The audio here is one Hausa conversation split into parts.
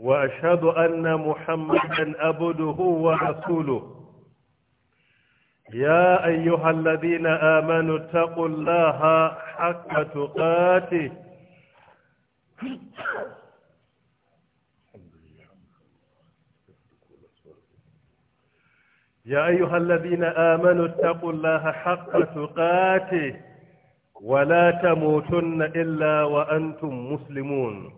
وأشهد أن محمدا أبده ورسوله يا أيها الذين آمنوا اتقوا الله حق تقاته يا أيها الذين آمنوا اتقوا الله حق تقاته ولا تموتن إلا وأنتم مسلمون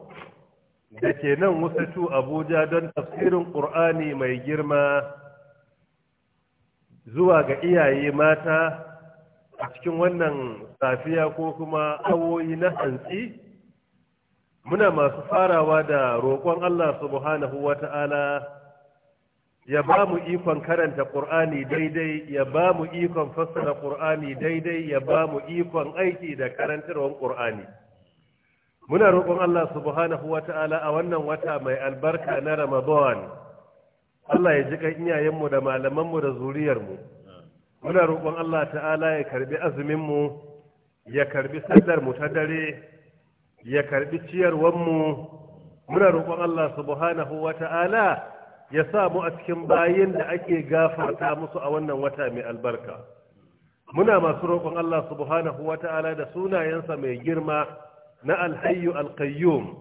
da ke nan wasatu abuja don tafsirin ƙur'ani mai girma zuwa ga iyaye mata a cikin wannan safiya ko kuma awoyi na hantsi muna masu farawa da roƙon allah subhanahu wa ta'ala ya ba mu ikon karanta ƙur'ani daidai ya ba mu ikon fassara ƙur'ani daidai ya ba mu ikon aiki da karantarwar ƙur'ani muna roƙon Allah subhanahu ta'ala a wannan wata mai albarka na Ramadan Allah ya ji kan iyayenmu da malamanmu da zuriyarmu muna roƙon Allah ta'ala ya karbi azumin mu ya karbi sallarmu mu ta dare ya karbi ciyarwar mu muna roƙon Allah subhanahu ta'ala ya sa mu a cikin bayin da ake gafarta musu a wannan wata mai albarka muna masu roƙon Allah subhanahu ta'ala da sunayensa mai girma na alhayu alqayyum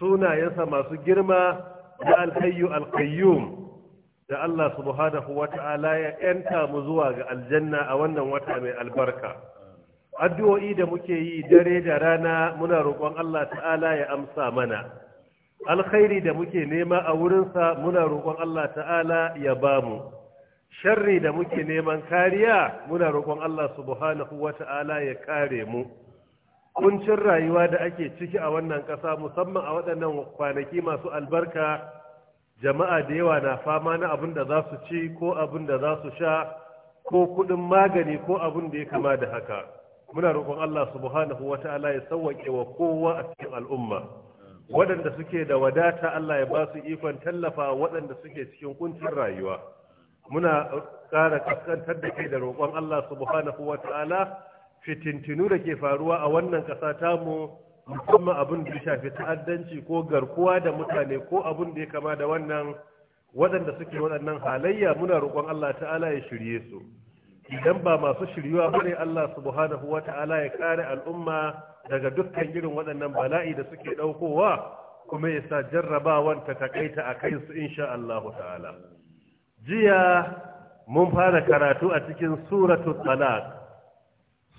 sunayensa masu girma na alhayu alqayyum da Allah subhanahu wata'ala ya yanta mu zuwa ga aljanna a wannan wata mai albarka addu'o'i da muke yi dare da rana muna roƙon Allah ta'ala ya amsa mana alkhairi da muke nema a wurinsa muna roƙon Allah ta'ala ya bamu sharri da muke neman kariya muna roƙon Allah subhanahu wata'ala ya kare mu kuncin rayuwa da ake ciki a wannan ƙasa musamman a waɗannan kwanaki masu albarka jama'a da yawa na fama na abin da za su ci ko abin da za su sha ko kuɗin magani ko abin da ya kama da haka muna roƙon Allah subhanahu wa ta'ala ya sauwaƙe wa kowa a cikin al'umma waɗanda suke da wadata Allah ya ba su ikon tallafa waɗanda suke cikin kuncin rayuwa muna ƙara kaskantar da kai da roƙon Allah subhanahu wa ta'ala fitintinu da ke faruwa a wannan ƙasa mu, musamman abin da shafi ta'addanci ko garkuwa da mutane ko abin da ya kama da wannan waɗanda suke waɗannan halayya muna roƙon Allah ta'ala ya shirye su idan ba masu shiryuwa bane Allah subhanahu wa ta'ala ya kare al'umma daga dukkan irin waɗannan bala'i da suke ɗaukowa kuma ya sa jarrabawan ta takaita a kai su insha Allah ta'ala jiya mun fara karatu a cikin suratul talaq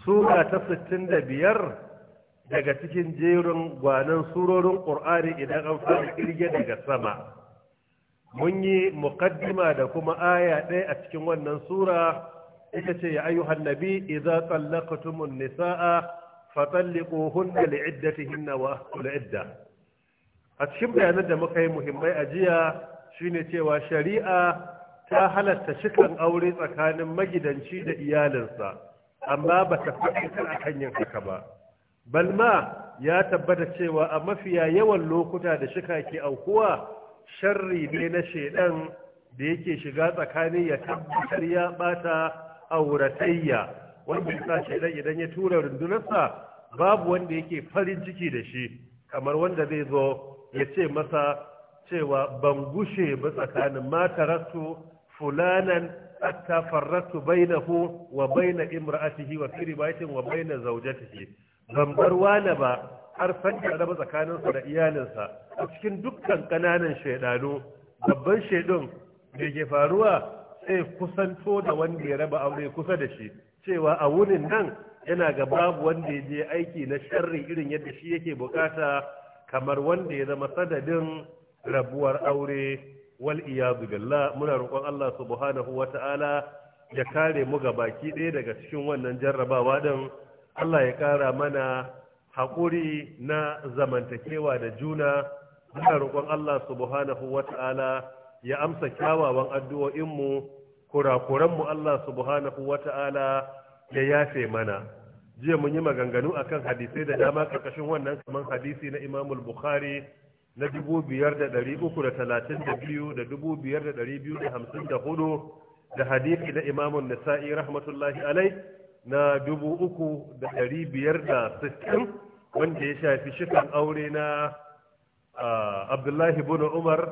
sura ta sittin da biyar daga cikin jerin gwanan surorin ƙur'ani idan an fara kirge daga sama mun yi muqaddima da kuma aya ɗaya a cikin wannan sura ita ce ya ayyuhan hannabi idza tumun nisaa fatalliquhunna li'iddatihinna wa ahsul idda a cikin bayanan da muka yi muhimmai a jiya shine cewa shari'a ta halatta cikan aure tsakanin magidanci da iyalinsa amma ba ta faɗi a kan yin haka ba balma ya tabbata cewa a mafiya yawan lokuta da shika ke aukuwa sharri ne na shaidan da yake shiga tsakanin ya tabbatar ya bata auratayya wanda ya shaidan idan ya tura rundunarsa babu wanda yake farin ciki da shi kamar wanda zai zo ya ce masa cewa ban gushe ba tsakanin matarasu fulanan hatta farratu bainahu wa baina imra'atihi wa fi ribatin wa baina zawjatihi ban bar wani ba har san da raba da iyalinsa a cikin dukkan kananan shaidanu babban shaidun da ke faruwa sai kusanto da wanda ya raba aure kusa da shi cewa a wurin nan yana ga babu wanda ya je aiki na sharri irin yadda shi yake bukata kamar wanda ya zama sadadin rabuwar aure wal iyadu billah muna roƙon Allah subhanahu wata'ala ya kare mu ga baki ɗaya daga cikin wannan jarrabawa din Allah ya ƙara mana haƙuri na zamantakewa da juna muna roƙon Allah subhanahu wata'ala ya amsa kyawawan addu'o'inmu kurakuranmu Allah subhanahu wata'ala ya yafe mana jiya mun yi maganganu akan hadisai da dama ƙarƙashin wannan kamar hadisi na Imamul Bukhari na dubu biyar da ɗari uku da talatin da biyu da dubu biyar da biyu da hamsin da hudu da hadisi na imamun nisa'i rahmatullahi alai na dubu uku da biyar da sittin wanda ya shafi shikan aure na abdullahi bin umar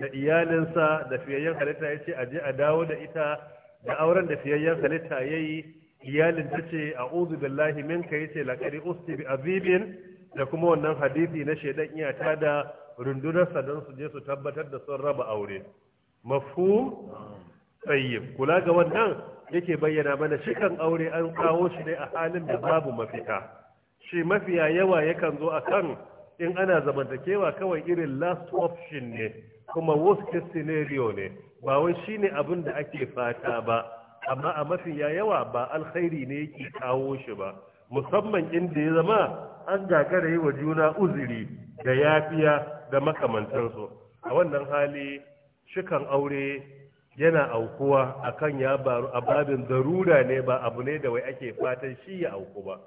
da iyalinsa da fiyayyen halitta ya ce je a dawo da ita da auren da fiyayyen halitta ya yi iyalin ta ce a uzu billahi minka ya ce laƙari usti bi azibin da kuma wannan hadisi na shaidan iyata da rundunarsa don su je su tabbatar da sun raba aure Mafu tayyib kula ga wannan yake bayyana mana shikan aure an kawo shi ne a halin da babu mafita shi mafiya yawa yakan zo akan in ana zamantakewa kawai irin last option ne kuma worst case scenario ne ba wai shine abin da ake fata ba amma a mafiya yawa ba alkhairi ne yake kawo shi ba musamman inda ya zama an gagara yi wa juna uzuri da yafiya da makamantansu a wannan hali shikan aure yana aukuwa akan ya baru a babin zarura ne ba abu ne da wai ake fatan shi ya auku ba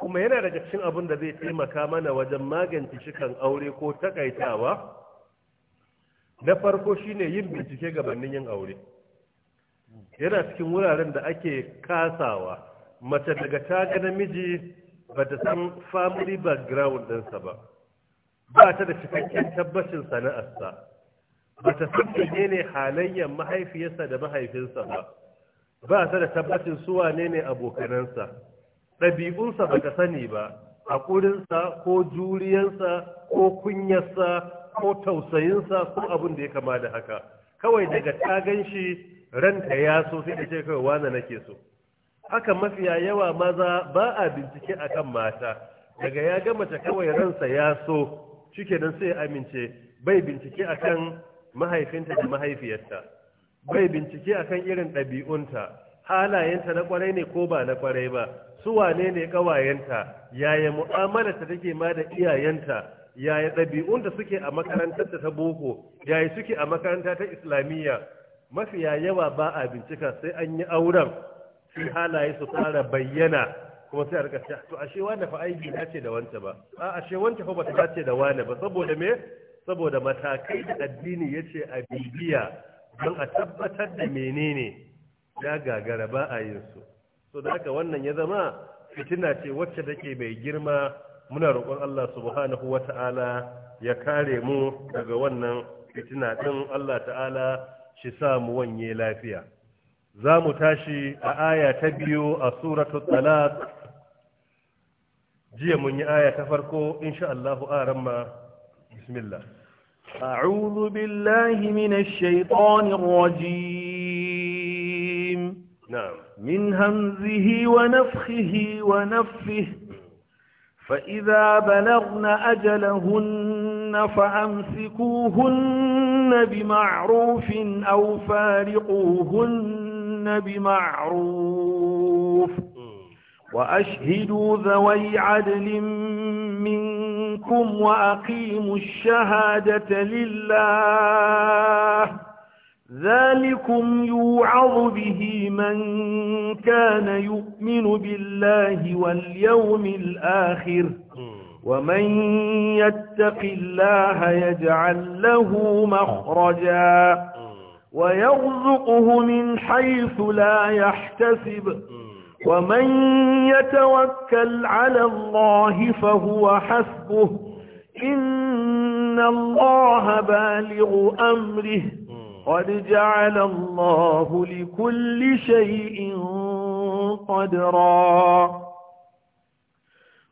kuma yana daga cikin abin da zai taimaka mana wajen magance shikan aure ko takaitawa na farko shine yin bincike gabanin yin aure yana cikin wuraren da ake kasawa mace daga ta ga namiji ba ta san family background ɗinsa ba ba ta da cikakken tabbacin sana'arsa ba ta san ne halayyar mahaifiyarsa da mahaifinsa ba ba ta da tabbacin suwa ne ne abokanansa ɗabi'unsa ba ta sani ba haƙurinsa ko juriyansa ko kunyarsa ko tausayinsa ko abin da ya kama da haka kawai daga ta gan shi ranta ya so sai da ce kawai wane nake so haka mafiya yawa maza ba a bincike akan mata daga ya ga mace kawai ransa ya so dan sai amince bai bincike akan mahaifinta da mahaifiyarta bai bincike akan irin ɗabi'unta halayenta na kwarai ne ko ba na kwarai ba su wane ne kawayenta yaya mu'amalarta take ma da iyayenta yaya ɗabi'unta suke a makarantar ta boko yaya suke a makaranta ta islamiyya mafiya yawa ba a bincika sai an yi auren sai halaye su fara bayyana kuma sai a rika cewa to ashe wanda fa aiki dace da wanta ba a ashe wanta fa bata dace da wani ba saboda me saboda matakai da addini yace a bibiya don a tabbatar da menene ya gagara ba a yin su so da haka wannan ya zama fitina ce wacce take mai girma muna roƙon Allah subhanahu wata'ala ya kare mu daga wannan fitina din Allah ta'ala shi sa mu wanye lafiya za mu tashi a aya ta biyu a suratul talaq جي من آية تفرقوا إن شاء الله آرما بسم الله أعوذ بالله من الشيطان الرجيم نعم من همزه ونفخه ونفه فإذا بلغن أجلهن فأمسكوهن بمعروف أو فارقوهن بمعروف وأشهدوا ذوي عدل منكم وأقيموا الشهادة لله ذلكم يوعظ به من كان يؤمن بالله واليوم الآخر ومن يتق الله يجعل له مخرجا ويرزقه من حيث لا يحتسب ومن يتوكل على الله فهو حسبه إن الله بالغ أمره قد جعل الله لكل شيء قدرا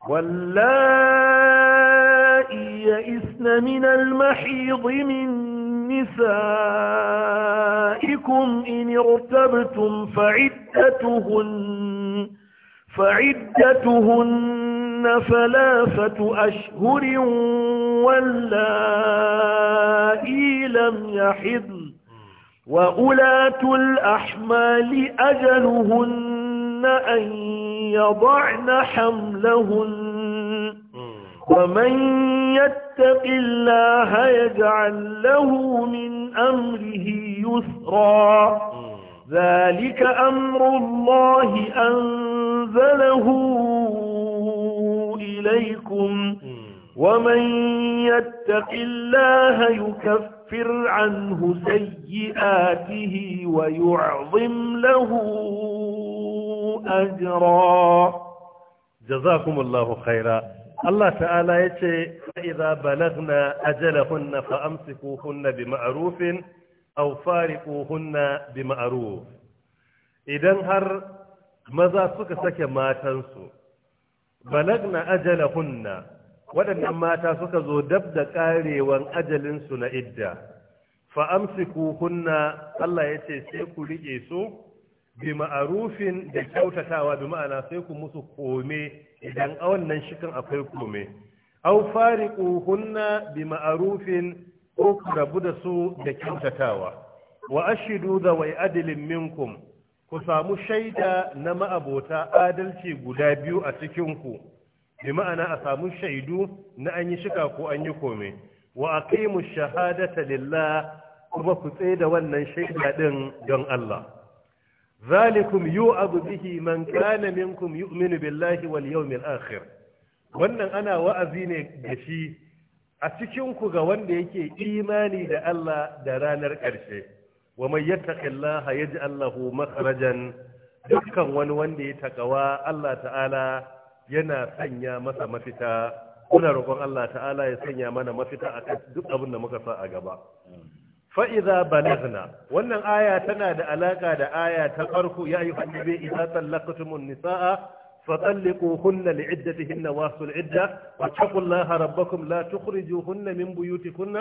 واللائي يئسن من المحيض من نسائكم إن ارتبتم فعد فعدتهن فعدتهن ثلاثة أشهر واللائي لم يحضن وأولاة الأحمال أجلهن أن يضعن حملهن ومن يتق الله يجعل له من أمره يسرا ذلك أمر الله أنزله إليكم ومن يتق الله يكفر عنه سيئاته ويعظم له أجرا جزاكم الله خيرا الله تعالى يتي فإذا بلغنا أجلهن فأمسكوهن بمعروف بمعروف aw fariquhunna bi idan har maza suka sake matansu balagna ajalahunna waɗannan mata suka zo dab da ƙarewan ajalinsu na idda fa fa'amsikuhunna Allah ya ce sai ku riƙe su bi ma'arufin da kyautatawa bi ma'ana sai ku musu kome idan a wannan shikan akwai kome au fariquhunna bi ma'arufin ko ku rabu da su da kyautatawa wa ashidu da wai adilin minkum ku samu shaida na ma'abota adalci guda biyu a cikinku bi ma'ana a samu shaidu na an yi shika ko an yi kome wa aqimu shahadata lillah kuma ku tsaye da wannan shaida din don Allah zalikum yu'abu bihi man kana minkum yu'minu billahi wal yawmil akhir wannan ana wa'azi ne da shi a cikinku ga wanda yake imani da Allah da ranar ƙarshe wa mai yattaqillaha hayaji Allahu makhrajan dukkan wani wanda ya takawa Allah ta'ala yana sanya masa mafita kuna roƙon Allah ta'ala ya sanya mana mafita akan duk abin da muka sa a gaba fa idza balagna wannan aya tana da alaƙa da aya ta farko ya ayyuhan nabi idza talaqtumun nisaa فطلقوهن لعدتهن واصل العدة واتقوا الله ربكم لا تخرجوهن من بيوتكن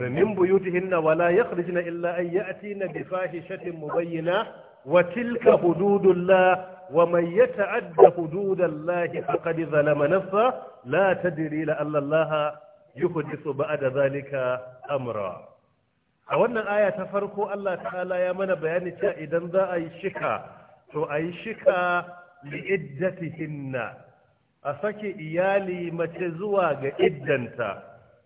من بيوتهن ولا يخرجن إلا أن يأتين بفاحشة مبينة وتلك حدود الله ومن يتعد حدود الله فقد ظلم نفسه لا تدري لأن الله يحدث بعد ذلك أمرا a wannan aya ta farko Allah ta'ala ya mana bayani cewa idan za a yi shika to a yi shika li'iddatihinna a sake iyali mace zuwa ga iddanta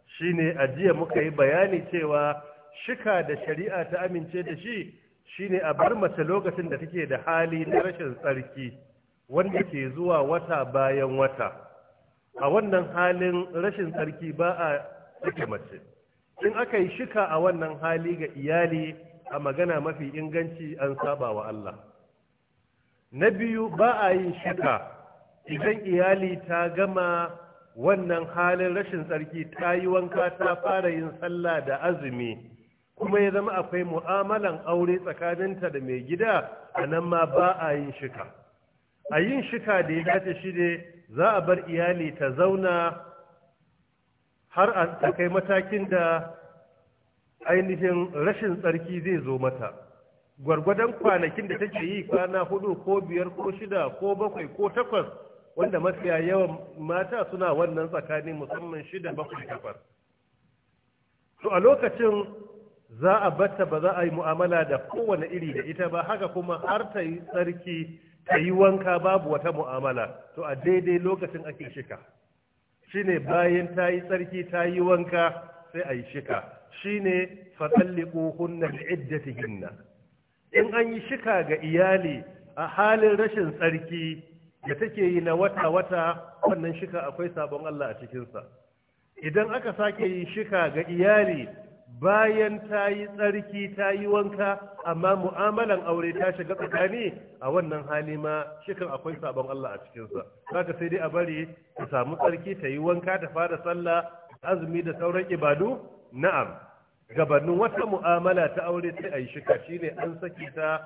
shine ajiya muka yi bayani cewa shika da shari'a ta amince da shi shine a bar mace lokacin da take da hali na rashin tsarki wanda ke zuwa wata bayan wata a wannan halin rashin tsarki ba a sake mace in aka yi shika a wannan hali ga iyali a magana mafi inganci an saba wa Allah na biyu ba a yin shika idan iyali ta gama wannan halin rashin tsarki ta yi wanka ta fara yin sallah da azumi kuma ya zama akwai mu'amalan aure tsakaninta da mai gida a nan ma ba a yin shika a yin shika da ya dace shi ne za a bar iyali ta zauna har a kai matakin da ainihin rashin tsarki zai zo mata gwargwadon kwanakin da take yi kwana hudu ko biyar ko shida ko bakwai ko takwas wanda mafiya yawan mata suna wannan tsakani musamman shida bakwai takwas to a lokacin za a batta ba za a yi mu'amala da kowane iri da ita ba haka kuma har ta yi tsarki ta yi wanka babu wata mu'amala to a daidai lokacin ake shika shine bayan ta yi tsarki ta yi wanka sai a yi shika shine iddata hinna in an yi shika ga iyali a halin rashin tsarki da take yi na wata-wata wannan shika akwai sabon Allah a cikinsa idan aka sake yi shika ga iyali bayan ta yi tsarki ta yi wanka amma mu'amalan aure ta shiga tsakani a wannan hali ma shikan akwai sabon Allah a cikinsa zaka sai dai a bari ta samu tsarki ta yi wanka ta fara sallah azumi da sauran ibadu na'am gabanin wata mu'amala ta aure sai a yi shika ne an saki ta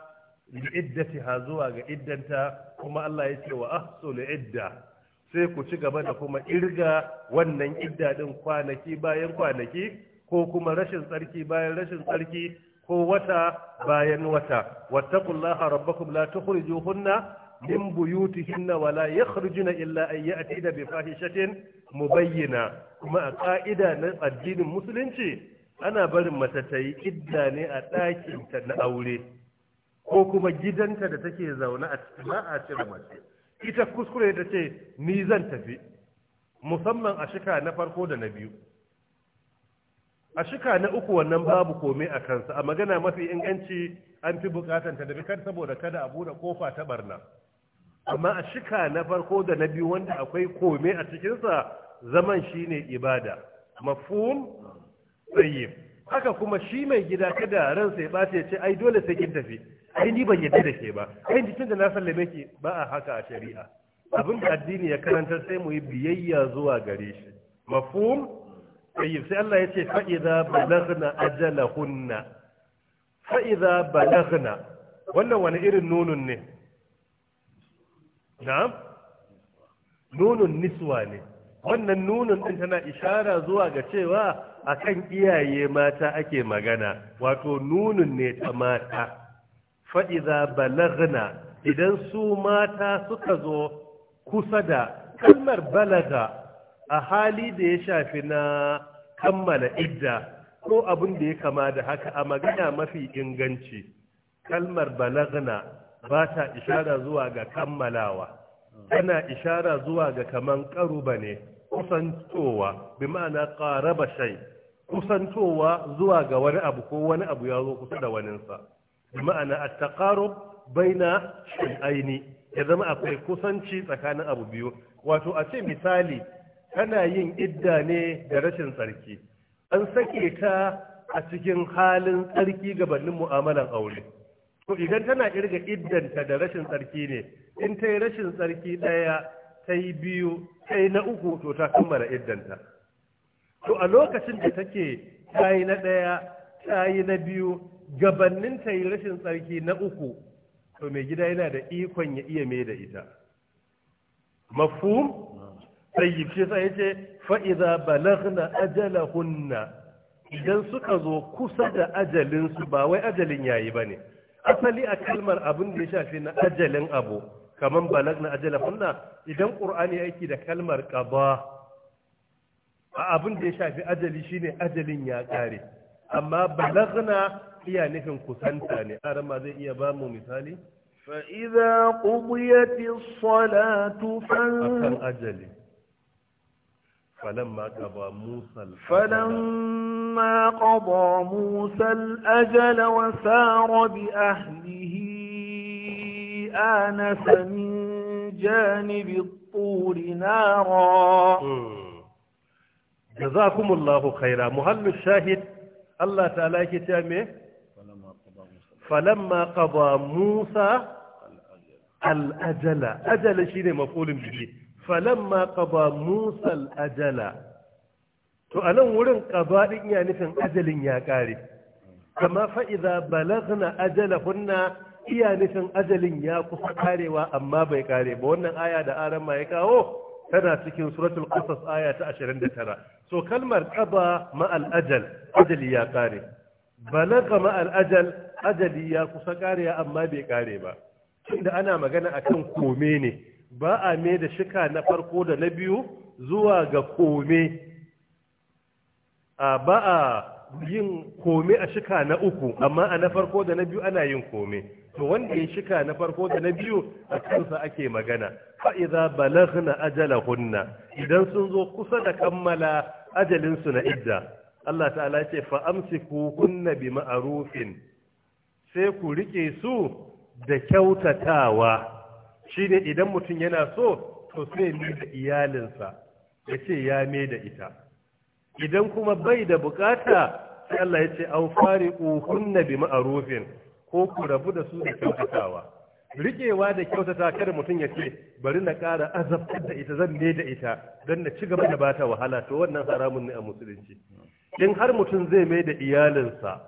li'iddatiha zuwa ga iddanta kuma Allah ya ce wa ahsul idda sai ku ci gaba da kuma irga wannan idda din kwanaki bayan kwanaki ko kuma rashin tsarki bayan rashin tsarki ko wata bayan wata wattaqullaha rabbakum la tukhrijuhunna min buyutihinna wa la yakhrujuna illa an ya'tina bi fahishatin mubayyina kuma a ka'ida na addinin musulunci ana barin mace ta yi idda ne a ɗakinta na aure ko kuma gidanta da take zaune a cikin ba a cire mace ita kuskure ta ce ni zan tafi musamman a shika na farko da na biyu a shika na uku wannan babu komai a kansa a magana mafi inganci an fi bukatan ta da kan saboda kada a bude kofa ta barna amma a shika na farko da na biyu wanda akwai komai a cikinsa zaman shine ibada mafhum tsaye haka kuma shi mai gida kada ransa ya ɓace ce ai dole sai kin tafi ai ni ban yadda da ke ba ai jikin da na sallame ki ba a haka a shari'a abin da addini ya karanta sai mu yi biyayya zuwa gare shi mafhum tayyib sai Allah ya ce fa idza balaghna ajalahunna fa idza balaghna wannan wani irin nunun ne Na? nunun niswa ne wannan nunun din tana ishara zuwa ga cewa a kan iyaye mata ake magana wato nunun ne ta mata za balagna idan su mata suka zo kusa da kalmar balaga a hali da ya shafi na kammala idda ko abin da ya kama da haka a magana mafi inganci kalmar balagna ba ta ishara zuwa ga kammalawa tana ishara zuwa ga kaman ƙaruba ne kusantowa bi ma'ana qaraba shay kusantowa zuwa ga wani abu ko wani abu ya zo kusa da waninsa bi ma'ana at-taqarub baina aini. ya zama akwai kusanci tsakanin abu biyu wato a ce misali tana yin idda ne da rashin tsarki an sake ta a cikin halin tsarki gabanin mu'amalan aure to idan tana kirga iddanta da rashin tsarki ne in ta yi rashin tsarki ɗaya ta yi biyu ta yi na uku to ta kammala iddanta to a lokacin da take ta yi na ɗaya ta yi na biyu gabannin ta yi rashin tsarki na uku to mai gida yana da ikon ya iya mai da ita mafhum tayyib shi sai yace fa idza ajala ajalahunna idan suka zo kusa da ajalinsu ba wai ajalin yayi ne asali a kalmar abin da ya shafi na ajalin abu kaman balagna ajalahunna idan qur'ani aiki da kalmar qada a abin da ya shafi ajali shine ajalin ya kare amma balagna iya nufin kusanta ne arama zai iya ba mu misali فإذا قضيت الصلاة فان... أجلي فلما قضى موسى الأجل فلما قضى موسى الأجل وسار بأهله آنس من جانب الطور نارا جزاكم الله خيرا مهل الشاهد الله تعالى كتابه فلما قضى موسى الأجل أجل شيء مفعول به فلما قضى موسى الأجل to a nan wurin ƙaba'in ya nufin ajalin ya ƙare kama fa'iza balagna ajalahunna iya nufin ajalin ya kusa karewa amma bai kare ba wannan aya da aran ma ya kawo tana cikin suratul qasas aya ta 29 so kalmar qada ma al ajal ajali ya kare balaga ma al ajal ajali ya kusa karewa amma bai kare ba inda ana magana akan kome ne ba a me da shika na farko da na biyu zuwa ga kome a ba a yin kome a shika na uku amma a na farko da na biyu ana yin kome to wanda ya shika na farko da na biyu a kansa ake magana fa'iza balaghna ajalahunna idan sun zo kusa da kammala ajalinsu na idda Allah ta'ala ce ku kunna bi ma'arufin sai ku rike su da kyautatawa shi ne idan mutum yana so to sai ni da iyalinsa ya ce ya me da ita idan kuma bai da bukata sai Allah ya ce an fari ƙuhunna bi ma'arufin ko ku rabu da su da kyautatawa riƙewa da kyautata kada mutum ya ce bari na ƙara azabtar da ita zan da ita don na ci gaba da bata wahala to wannan haramun ne a musulunci in har mutum zai mai da iyalinsa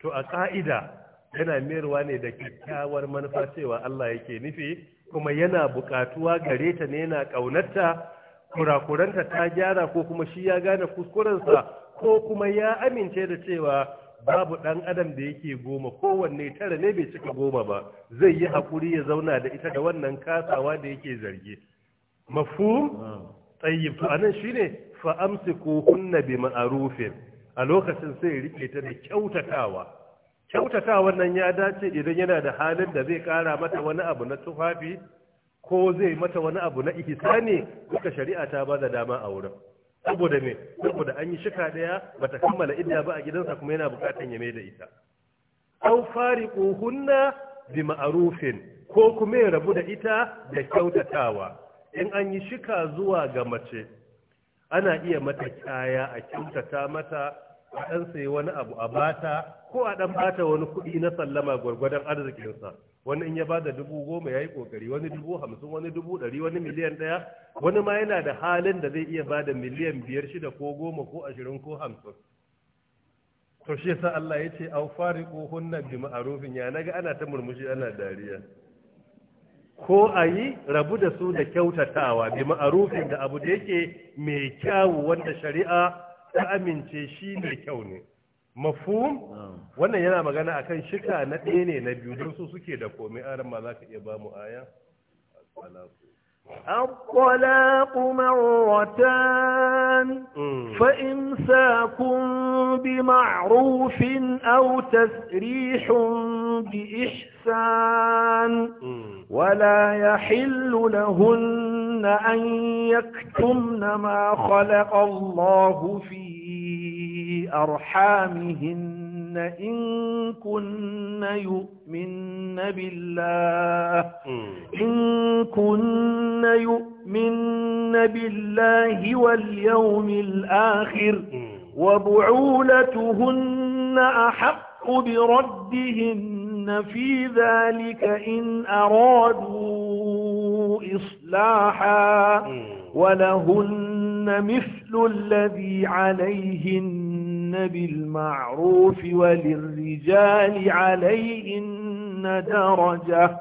to a ƙa'ida yana mayarwa ne da kyakkyawar manufa cewa Allah yake nufi kuma yana buƙatuwa gare ta ne yana ƙaunarta kurakuranta ta gyara ko kuma shi ya gane kuskurensa ko kuma ya amince da cewa babu ɗan adam da yake goma kowanne tara ne bai cika goma ba zai yi haƙuri ya zauna da ita da wannan kasawa da yake zargi mafhum tayyib to anan shine fa hunna bi ma'rufin a lokacin sai rike ta da kyautatawa kyautatawa nan ya dace idan yana da halin da zai kara mata wani abu na tufafi ko zai mata wani abu na ihsani duka shari'a ta ba da dama a wurin saboda me saboda an yi shika daya bata kammala idda ba a gidansa kuma yana bukatan ya mai da ita aw fariquhunna bi ma'rufin ko kuma ya rabu da ita da kyautatawa in an yi shika zuwa ga mace ana iya mata kaya a kyautata mata a ɗan sayi wani abu a bata ko a ɗan bata wani kuɗi na sallama gwargwadon arzikinsa wani in ya ba da dubu goma ya yi ƙoƙari wani dubu hamsin wani dubu ɗari wani miliyan ɗaya wani ma yana da halin da zai iya ba da miliyan biyar shida ko goma ko ashirin ko hamsin to shi yasa Allah ya ce aw fariqu hunna bi ma'rufin ya naga ana ta murmushi ana dariya ko a yi rabu da su da kyautatawa bi ma'arufin da abu da yake mai kyawu wanda shari'a ta amince shi mai kyau ne mafhum wannan yana magana akan shika na ɗaya ne na biyu don su suke da komai aran ma za ka iya ba mu aya الطلاق مرتان فإمساك بمعروف أو تسريح بإحسان إحسان ولا يحل لهن أن يكتمن ما خلق الله في أرحامهن إن كن يؤمن بالله إن كن يؤمن بالله واليوم الآخر وبعولتهن أحق بردهن في ذلك إن أرادوا إصلاحا ولهن مثل الذي عليهن بالمعروف وللرجال عليهن درجة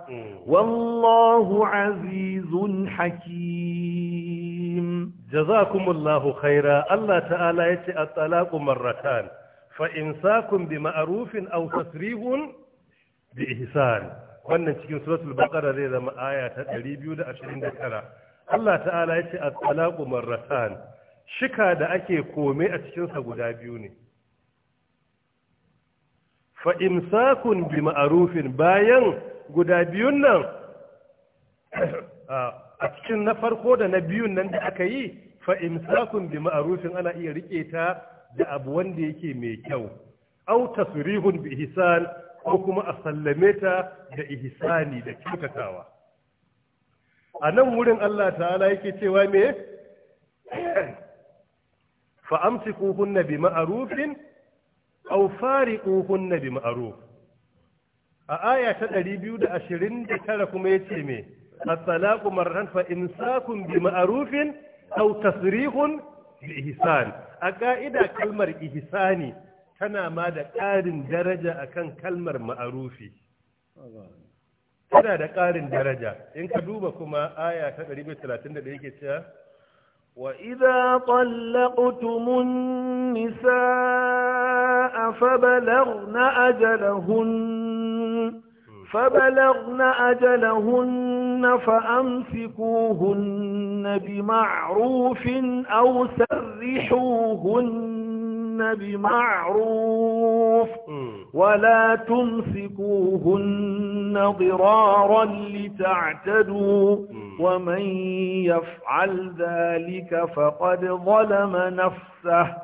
والله عزيز حكيم جزاكم الله خيرا الله تعالى يتأطلاق مرتان فإنساكم بمعروف أو تسريب bi ihsan wannan cikin suratul baqara zai zama aya ta 229 Allah ta'ala yace at-talaqu marratan shika da ake kome a cikin sa guda biyu ne fa imsakun bi ma'rufin bayan guda biyun nan a cikin na farko da na biyun nan da aka yi fa imsakun bi ma'rufin ana iya riƙe ta da abu wanda yake mai kyau aw tasrihun bi ihsan ko kuma a sallame ta da ihsani da kyautatawa a nan wurin Allah ta'ala yake cewa me fa na bi ma'rufin aw na bi ma'ruf a aya ta 229 kuma yace me at-talaqu marar fa bi ma'arufin, aw tasrihun bi ihsan a ka'ida kalmar ihsani tana ma da ƙarin daraja akan kalmar ma'arufi tana da ƙarin daraja in ka duba kuma aya ta 131 yake cewa wa idza tallaqtumun النساء فبلغن أجلهن فبلغن أجلهن فأمسكوهن بمعروف أو سرحوهن بمعروف ولا تمسكوهن ضرارا لتعتدوا ومن يفعل ذلك فقد ظلم نفسه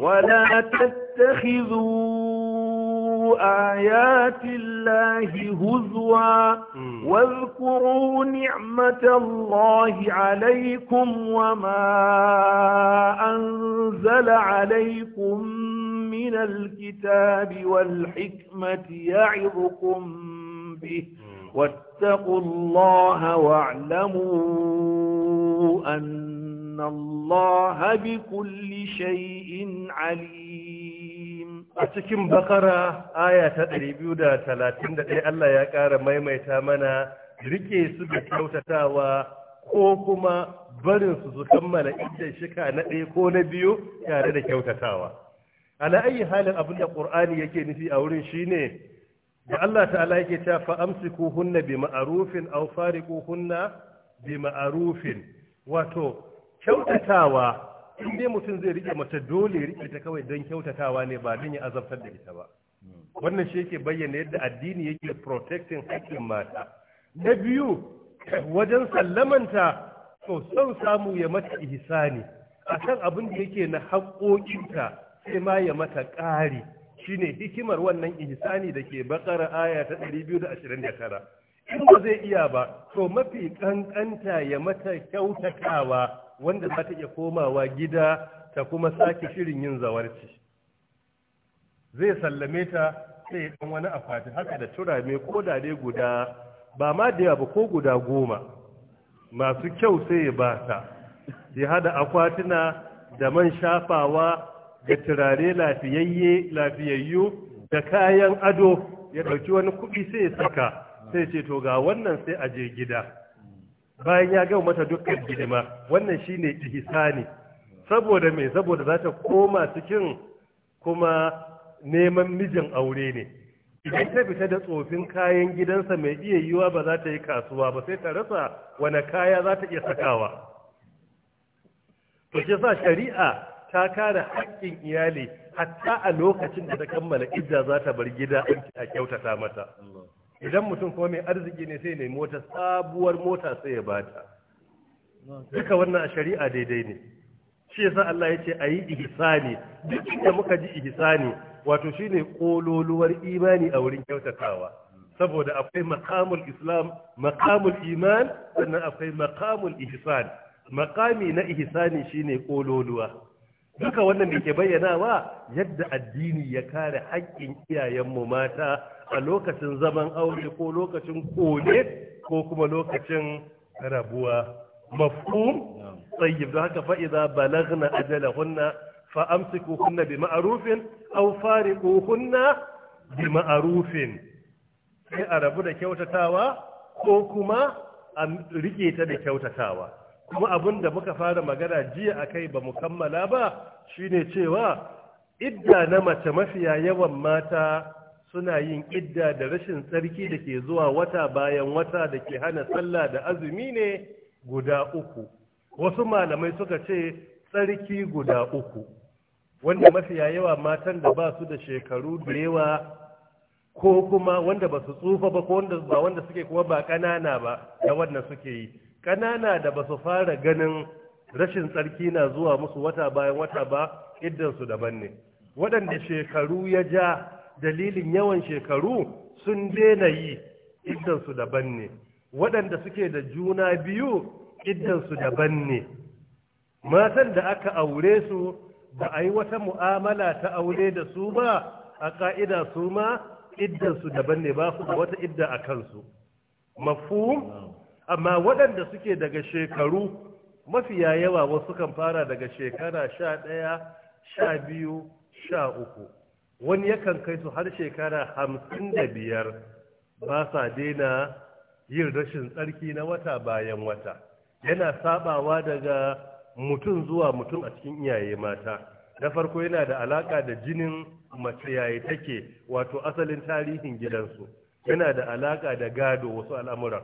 ولا تتخذوا آيات الله هزوا واذكروا نعمة الله عليكم وما أنزل عليكم من الكتاب والحكمة يعظكم به واتقوا الله واعلموا أن الله بكل شيء عليم a cikin bakara aya ta 231 Allah ya ƙara maimaita mana rike su da kyautatawa ko kuma barin su su kammala inda shika na ɗaya ko na biyu tare da kyautatawa ala ayyi halin abin da ƙur'ani yake nufi a wurin shi ne? da Allah ta'ala yake ta fa hunna bi ma'arufin fari ku hunna bi ma'arufin wato kyautatawa in dai mutum zai rike mace dole ya rike ta kawai don kyautatawa ne ba don ya azabtar da ita ba wannan shi yake bayyana yadda addini yake protecting haƙƙin mata na biyu wajen sallamanta to son samu ya mata ihsani kan abin da yake na haƙoƙinta sai ma ya mata ƙari shine hikimar wannan ihsani da ke bakara aya ta 229 in ba zai iya ba to mafi kankanta ya mata kyautatawa wanda za ta iya komawa gida ta kuma sake shirin yin zawarci zai sallame ta sai ɗan wani akwati haka da turame ko da dai guda ba ma da yawa ko guda goma masu kyau sai ya ba ta ya hada akwatuna da man shafawa da turare lafiyayye lafiyayyu da kayan ado ya ɗauki wani kuɗi sai ya saka sai ce to ga wannan sai a je gida bayan ya gama mata dukkan hidima wannan shine ihsani saboda me saboda za ta koma cikin kuma neman mijin aure ne idan ta fita da tsofin kayan gidansa mai iya yiwa ba za ta yi kasuwa ba sai ta rasa wani kaya za ta iya sakawa to ke sa shari'a ta kare haƙƙin iyali hatta a lokacin da ta kammala ijja za ta bar gida a kyautata mata idan mutum kuma mai arziki ne sai ne mota, sabuwar mota sai ya bata duka wannan a shari'a daidai ne shi yasa Allah ya ce ayi ihsani duk inda muka ji ihsani wato shine kololuwar imani a wurin kyautatawa saboda akwai maqamul islam maqamul iman sannan akwai maqamul ihsan maqami na ihsani shine kololuwa duka wannan da ke wa yadda addini ya kare haƙƙin iyayenmu mata a lokacin zaman aure ko lokacin kone ko kuma lokacin rabuwa mafhum tsayyib don haka fa'iza balagna ko hunna bi ma'arufin Au ko hunna bi ma'arufin sai a rabu da kyautatawa ko kuma a rike ta da kyautatawa kuma abin da muka fara magana jiya a kai ba mu kammala ba shine cewa idda na mace mafiya yawan mata suna yin idda da rashin tsarki da ke zuwa wata bayan wata da ke hana sallah da azumi ne guda uku wasu malamai suka ce tsarki guda uku wanda mafiya yawa matan da ba su da shekaru da yawa ko kuma wanda ba su tsufa ba ko wanda suke kuma ba ƙanana ba da wannan suke yi ƙanana da ba su fara ganin rashin tsarki na zuwa musu wata bayan wata ba iddansu daban ne waɗanda shekaru ya ja dalilin yawan shekaru sun daina yi iddansu daban ne waɗanda suke da juna biyu iddansu daban ne matan da aka aure su ba a yi wata mu'amala ta aure da su ba a ƙa'ida su ma iddansu daban ne ba su da wata idda a kansu mafhum amma waɗanda suke daga shekaru mafiya yawa wasu kan fara daga shekara sha ɗaya sha biyu sha uku wani yakan kai su har shekara hamsin da biyar ba sa daina yin rashin tsarki na wata bayan wata yana sabawa daga mutum zuwa mutum a cikin iyaye mata na farko yana da alaka da jinin mace yayi take wato asalin tarihin gidansu yana da alaka da gado wasu al'amuran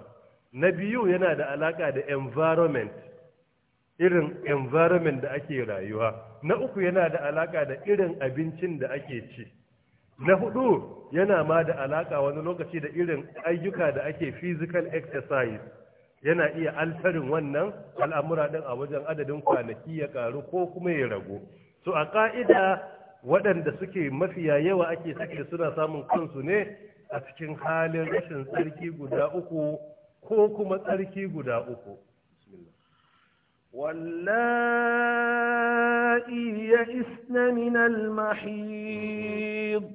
na biyu yana da alaka da environment irin environment da ake rayuwa na uku yana da alaka da irin abincin da ake ci na hudu yana ma da alaka wani lokaci da irin ayyuka da ake physical exercise yana iya altarin wannan al'amura din a wajen adadin kwanaki ya karu ko kuma ya ragu To a ka'ida waɗanda suke mafiya yawa ake sake suna samun kansu ne a cikin halin rashin tsarki guda uku ko kuma tsarki guda uku واللائي يئسن من المحيض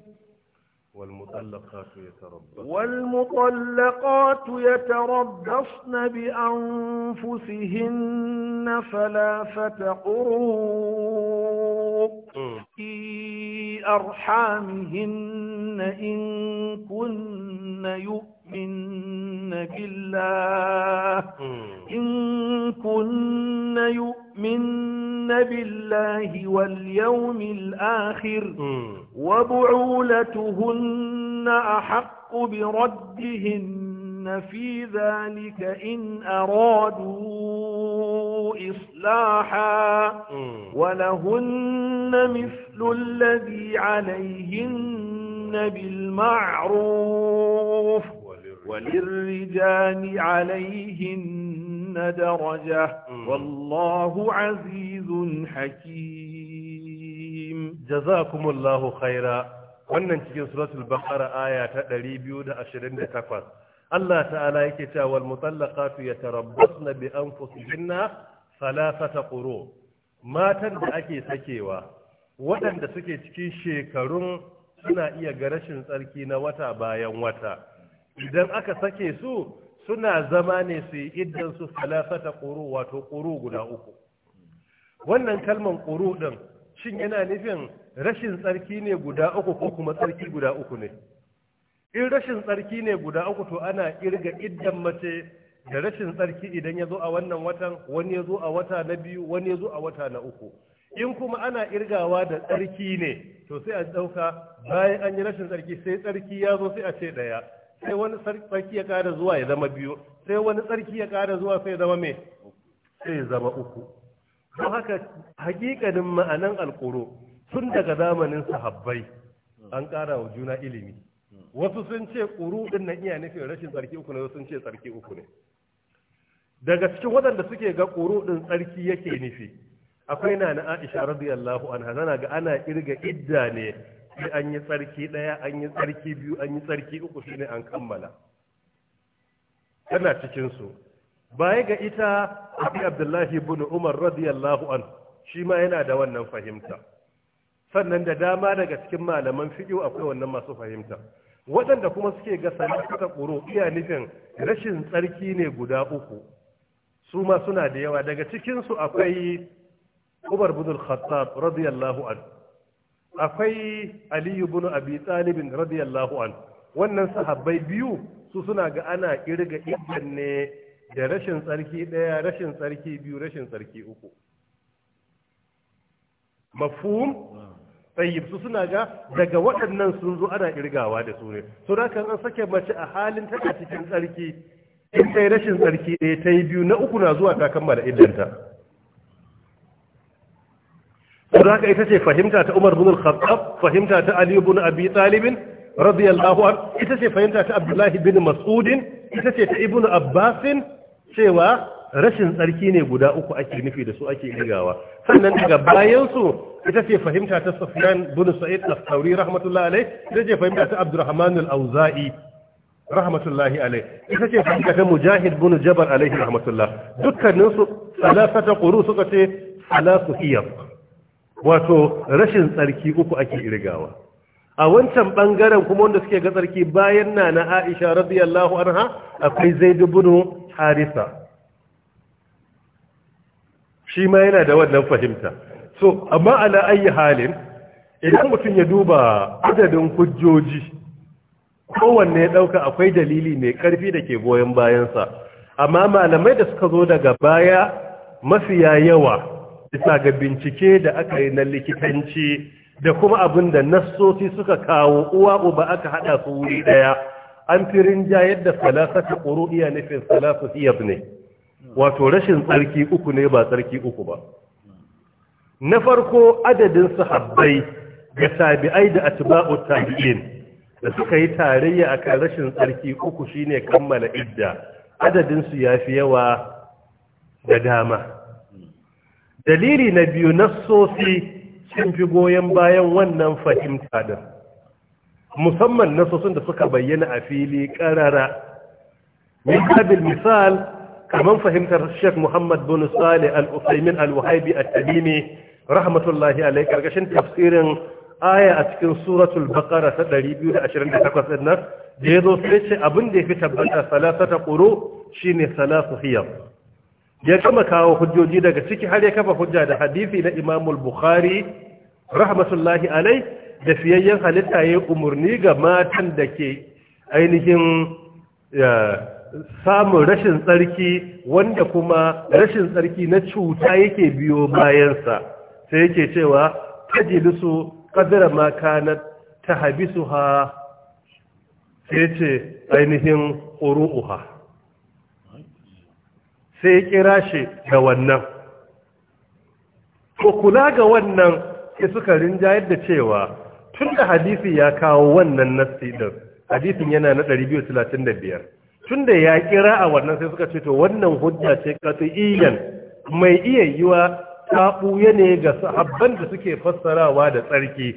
والمطلقات يتربصن والمطلقات يتربصن بأنفسهن فلا قروء في أرحامهن إن كن يؤمن يؤمن بالله إن كن يؤمن بالله واليوم الآخر وبعولتهن أحق بردهن في ذلك إن أرادوا إصلاحا ولهن مثل الذي عليهن بالمعروف وللرجال عليهن درجة والله عزيز حكيم جزاكم الله خيرا wannan cikin suratul baqara aya ta 228 Allah ta'ala yake cewa wal mutallaqatu yatarabbasna bi anfusihinna thalathata quru matan da ake sakewa waɗanda suke cikin shekarun suna iya ga rashin tsarki na wata bayan wata idan aka sake su suna zama ne su yi iddansu su salasata ƙuru wato ƙuru guda uku wannan kalman ƙuru ɗin shin yana nufin rashin tsarki ne guda uku ko kuma tsarki guda uku ne in rashin tsarki ne guda uku to ana irga iddan mace da rashin tsarki idan ya zo a wannan watan wani ya zo a wata na biyu wani ya zo a wata na uku in kuma ana irgawa da tsarki ne to sai a ɗauka bayan an yi rashin tsarki sai tsarki ya zo sai a ce ɗaya sai wani tsarki ya ƙara zuwa ya zama biyu sai wani tsarki ya ƙara zuwa sai ya zama mai sai ya zama uku don haka hakikanin ma'anan alƙuro tun daga zamanin sahabbai an kara wa juna ilimi wasu sun ce ƙuru ɗin na iya nufin rashin tsarki uku ne sun ce tsarki uku ne daga cikin waɗanda suke ga ƙuru ɗin tsarki yake nufi akwai na na aisha radiyallahu anha zana ga ana kirga idda ne sai an yi tsarki ɗaya an yi tsarki biyu an yi tsarki uku shi ne an kammala tana cikinsu baya ga ita abi abdullahi bin umar radiyallahu an shi ma yana da wannan fahimta sannan da dama daga cikin malaman fiƙo akwai wannan masu fahimta waɗanda kuma suke ga suka ƙuro iya nufin rashin tsarki ne guda uku su ma suna da yawa daga cikinsu akwai umar bin khattab radiyallahu anhu akwai aliyu bin abi talibin radiyallahu an wannan sahabbai biyu su suna ga ana kirga iddan ne da rashin tsarki ɗaya rashin tsarki biyu rashin tsarki uku mafhum tsayyib su suna ga daga waɗannan sun zo ana kirgawa da su ne so da kan an sake mace a halin ta cikin tsarki in ta rashin tsarki ɗaya ta biyu na uku na zuwa ta kammala iddanta don haka ita ce fahimta ta Umar bin Al-Khattab fahimta ta Ali bin Abi Talib radiyallahu an ita ce fahimta ta Abdullahi bin Mas'ud ita ce ta Ibn Abbas cewa rashin tsarki ne guda uku ake nufi da su ake rigawa sannan daga bayan su ita ce fahimta ta Sufyan bin Sa'id al-Thawri rahmatullahi alayh ita ce fahimta ta Abdurrahman al-Auza'i rahmatullahi alai ita ce ta mujahid bin jabar alaihi rahmatullah dukkanin su salasata quru suka ce salasu hiyab wato rashin tsarki uku ake irgawa a wancan bangaren kuma wanda suke ga tsarki bayan na na Aisha radiyallahu anha akwai Zaid ibn Haritha shi ma yana da wannan fahimta so amma ala ayi halin idan mutum ya duba adadin hujjoji kowanne ya ɗauka akwai dalili mai ƙarfi da ke goyon bayansa amma malamai da suka zo daga baya mafiya yawa bisa ga bincike da aka yi na likitanci da kuma abin da nasoci suka kawo uwa uba aka hada su wuri daya an firin jayar da falasata ƙuru'iya nufin salasu hiyab ne wato rashin tsarki uku ne ba tsarki uku ba na farko adadin sahabbai ga tabi'ai da atba'u tabi'in da suka yi tarayya akan rashin tsarki uku shine kammala idda adadin su fi yawa da dama dalili na biyu nassosi sun fi goyon bayan wannan fahimta din musamman nassosin da suka bayyana a fili karara min kabil misal kamar fahimtar shek Muhammad bin Salih Al-Utsaimin al wahabi a tabimi rahmatullahi alayhi karkashin tafsirin aya a cikin suratul baqara ta 228 din nan da yazo sai ce abin da fi tabbata salasata quru shine salasu hiyar ya kama kawo hujjoji daga ciki har ya kafa hujja da hadisi na Imam al bukhari rahmatullahi alai da fiyayyen halitta ya umurni ga matan da ke ainihin samun rashin tsarki wanda kuma rashin tsarki na cuta yake biyo bayansa sai yake cewa tajilisu kadara ma kanat tahbisuha sai ce ainihin ƙuru'uha sai ya kira shi da wannan ko kula ga wannan sai suka rinja da cewa tun da hadisi ya kawo wannan nasti hadisin yana na 235 tun da ya kira a wannan sai suka ce to wannan hujja ce iyan mai iya yiwa ta ɓuya ne ga sahabban da suke fassarawa da tsarki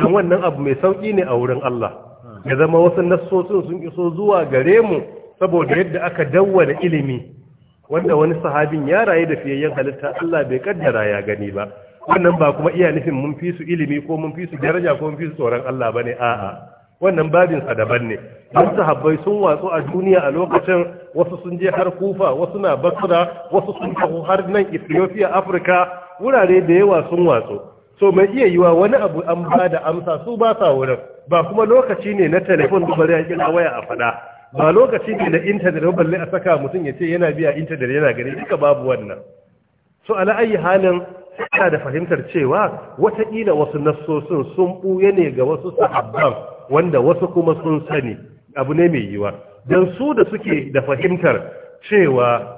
don wannan abu mai sauki ne a wurin Allah ya zama wasu nassosin sun iso zuwa gare mu saboda yadda aka dawwada ilimi wanda wani sahabin ya rayu da fiyayyen halitta Allah bai kaddara ya gani ba wannan ba kuma iya nufin mun fi su ilimi ko mun fi su daraja ko mun fi su tsoron Allah bane a'a wannan babin sa daban ne dan sahabbai sun watsu a duniya a lokacin wasu sun je har Kufa wasu na Basra wasu sun tafi har nan Ethiopia Africa wurare da yawa sun watsu so mai iya yiwa wani abu an bada amsa su ba sa wurin ba kuma lokaci ne na telefon da bari a kira waya a fada ba lokaci ne da intanet ba balle a saka mutum ya ce yana biya intanet yana gani duka babu wannan so ala ayi halin ana da fahimtar cewa wataƙila wasu nassosin sun ɓuya ne ga wasu sahabban wanda wasu kuma sun sani abu ne mai yiwa don su da suke da fahimtar cewa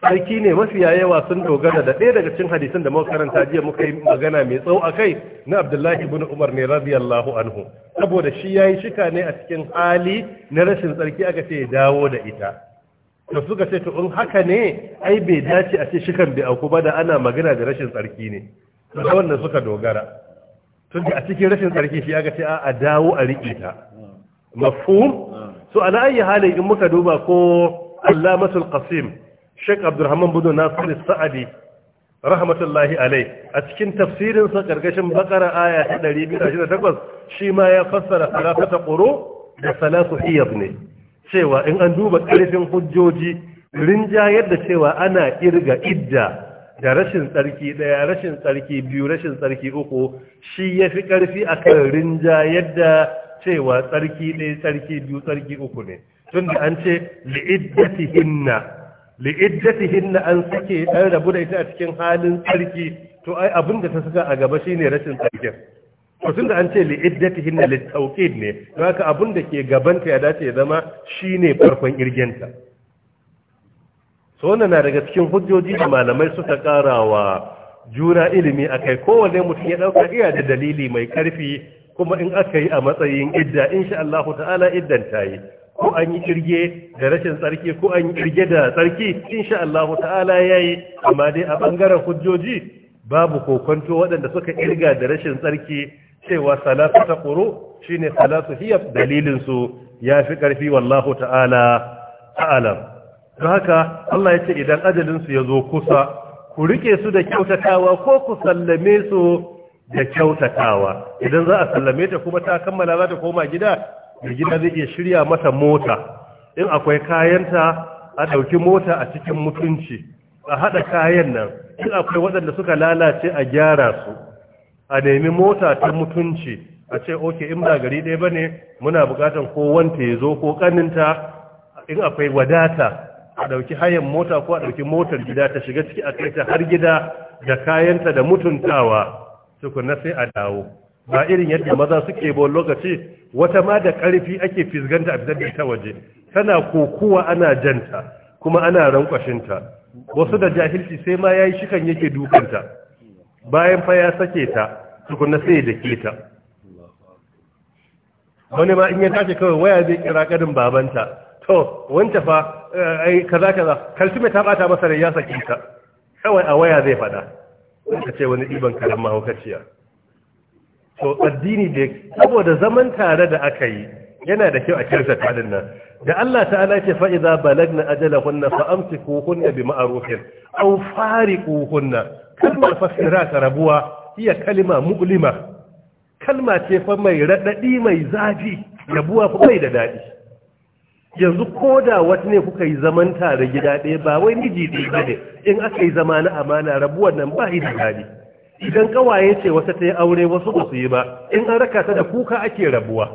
tsarki ne mafiya yawa sun dogara da ɗaya daga cikin hadisin da makaranta jiya muka yi magana mai tsawo a kai na abdullahi ibn umar ne radiyallahu anhu saboda shi ya yi shika ne a cikin hali na rashin tsarki aka ce dawo da ita da suka ce to in haka ne ai bai dace a ce shikan bai auku ba da ana magana da rashin tsarki ne da wannan suka dogara tun a cikin rashin tsarki shi aka ce a dawo a riƙe ta mafhum ah. so ana ayi halin in muka duba ko allamatul qasim Sheikh Abdulrahman Budo Nasir Sa'adi rahmatullahi alai a cikin tafsirin sa karkashin bakara aya ta 228 shi ma ya fassara salafata quru da salatu hiyab ne cewa in an duba karfin hujjoji rinjayar da cewa ana irga idda da rashin tsarki daya rashin tsarki biyu rashin tsarki uku shi ya yafi karfi akan rinjayar da cewa tsarki ɗaya tsarki biyu tsarki uku ne tunda an ce li'iddatihinna li'iddatihin na an sake an rabu da ita a cikin halin sarki, to ai abin da ta saka a gaba shine rashin tsarkin to tunda an ce li'iddatihin na littauqid ne don haka abin da ke gabanta ya dace ya zama shine farkon irgenta so wannan na daga cikin hujjoji da malamai suka karawa juna ilimi akai kowanne mutum ya dauka iya da dalili mai karfi kuma in aka yi a matsayin idda insha Allahu, ta'ala iddan ta yi ko an yi kirge da rashin tsarki ko an yi kirge da tsarki insha Allah ta'ala yayi amma dai a bangaren hujjoji babu kokonto waɗanda suka kirga da rashin tsarki cewa salatu ta quru shine salatu hiya dalilin su yafi karfi wallahu ta'ala ta'ala don haka Allah ya ce idan ajalin su zo kusa ku riƙe su da kyautatawa ko ku sallame su da kyautatawa idan za a sallame ta kuma ta kammala za ta koma gida mai gida zai iya shirya mata mota in akwai kayanta a ɗauki mota a cikin mutunci a haɗa kayan nan in akwai waɗanda suka lalace a gyara su a nemi mota ta mutunci a ce oke in ba gari ɗaya ba ne muna buƙatar ko wanta ya zo ko ƙaninta in akwai wadata a ɗauki hayan mota ko a ɗauki motar gida ta shiga ciki a kai ta har gida da kayanta da mutuntawa tukuna sai a dawo ba irin yadda maza suke bon lokaci wata ma da ƙarfi ake fisganta a fitar da ta waje tana kokowa ana janta kuma ana rankwashinta wasu da jahilci sai ma ya yi shikan yake dukanta bayan fa ya sake ta tukuna sai da ke ta wani ma in ya tashi kawai waya zai kira ƙarin babanta to wanta fa eh, ai kaza kaza kaltume ta taɓata masa ya sake ta kawai a waya zai fada ka ce wani ɗiban karamma mahaukaciya to addini da saboda zaman tare da aka yi yana da kyau a kirsa tadin nan da Allah ta'ala ce fa idza balagna ajalahunna fa amsikuhunna bi ma'rufin aw fariquhunna kalmar fasira ta rabuwa iya kalma mu'lima kalma ce fa mai raɗaɗi mai zafi rabuwa fa mai da daɗi. yanzu ko da wata ne kuka yi zaman tare gida ɗaya ba wai miji ɗaya ba ne in aka yi zama na amana rabuwar nan ba yi da dadi idan kawaye ce wata ta yi aure wasu ba su yi ba in an raka ta da kuka ake rabuwa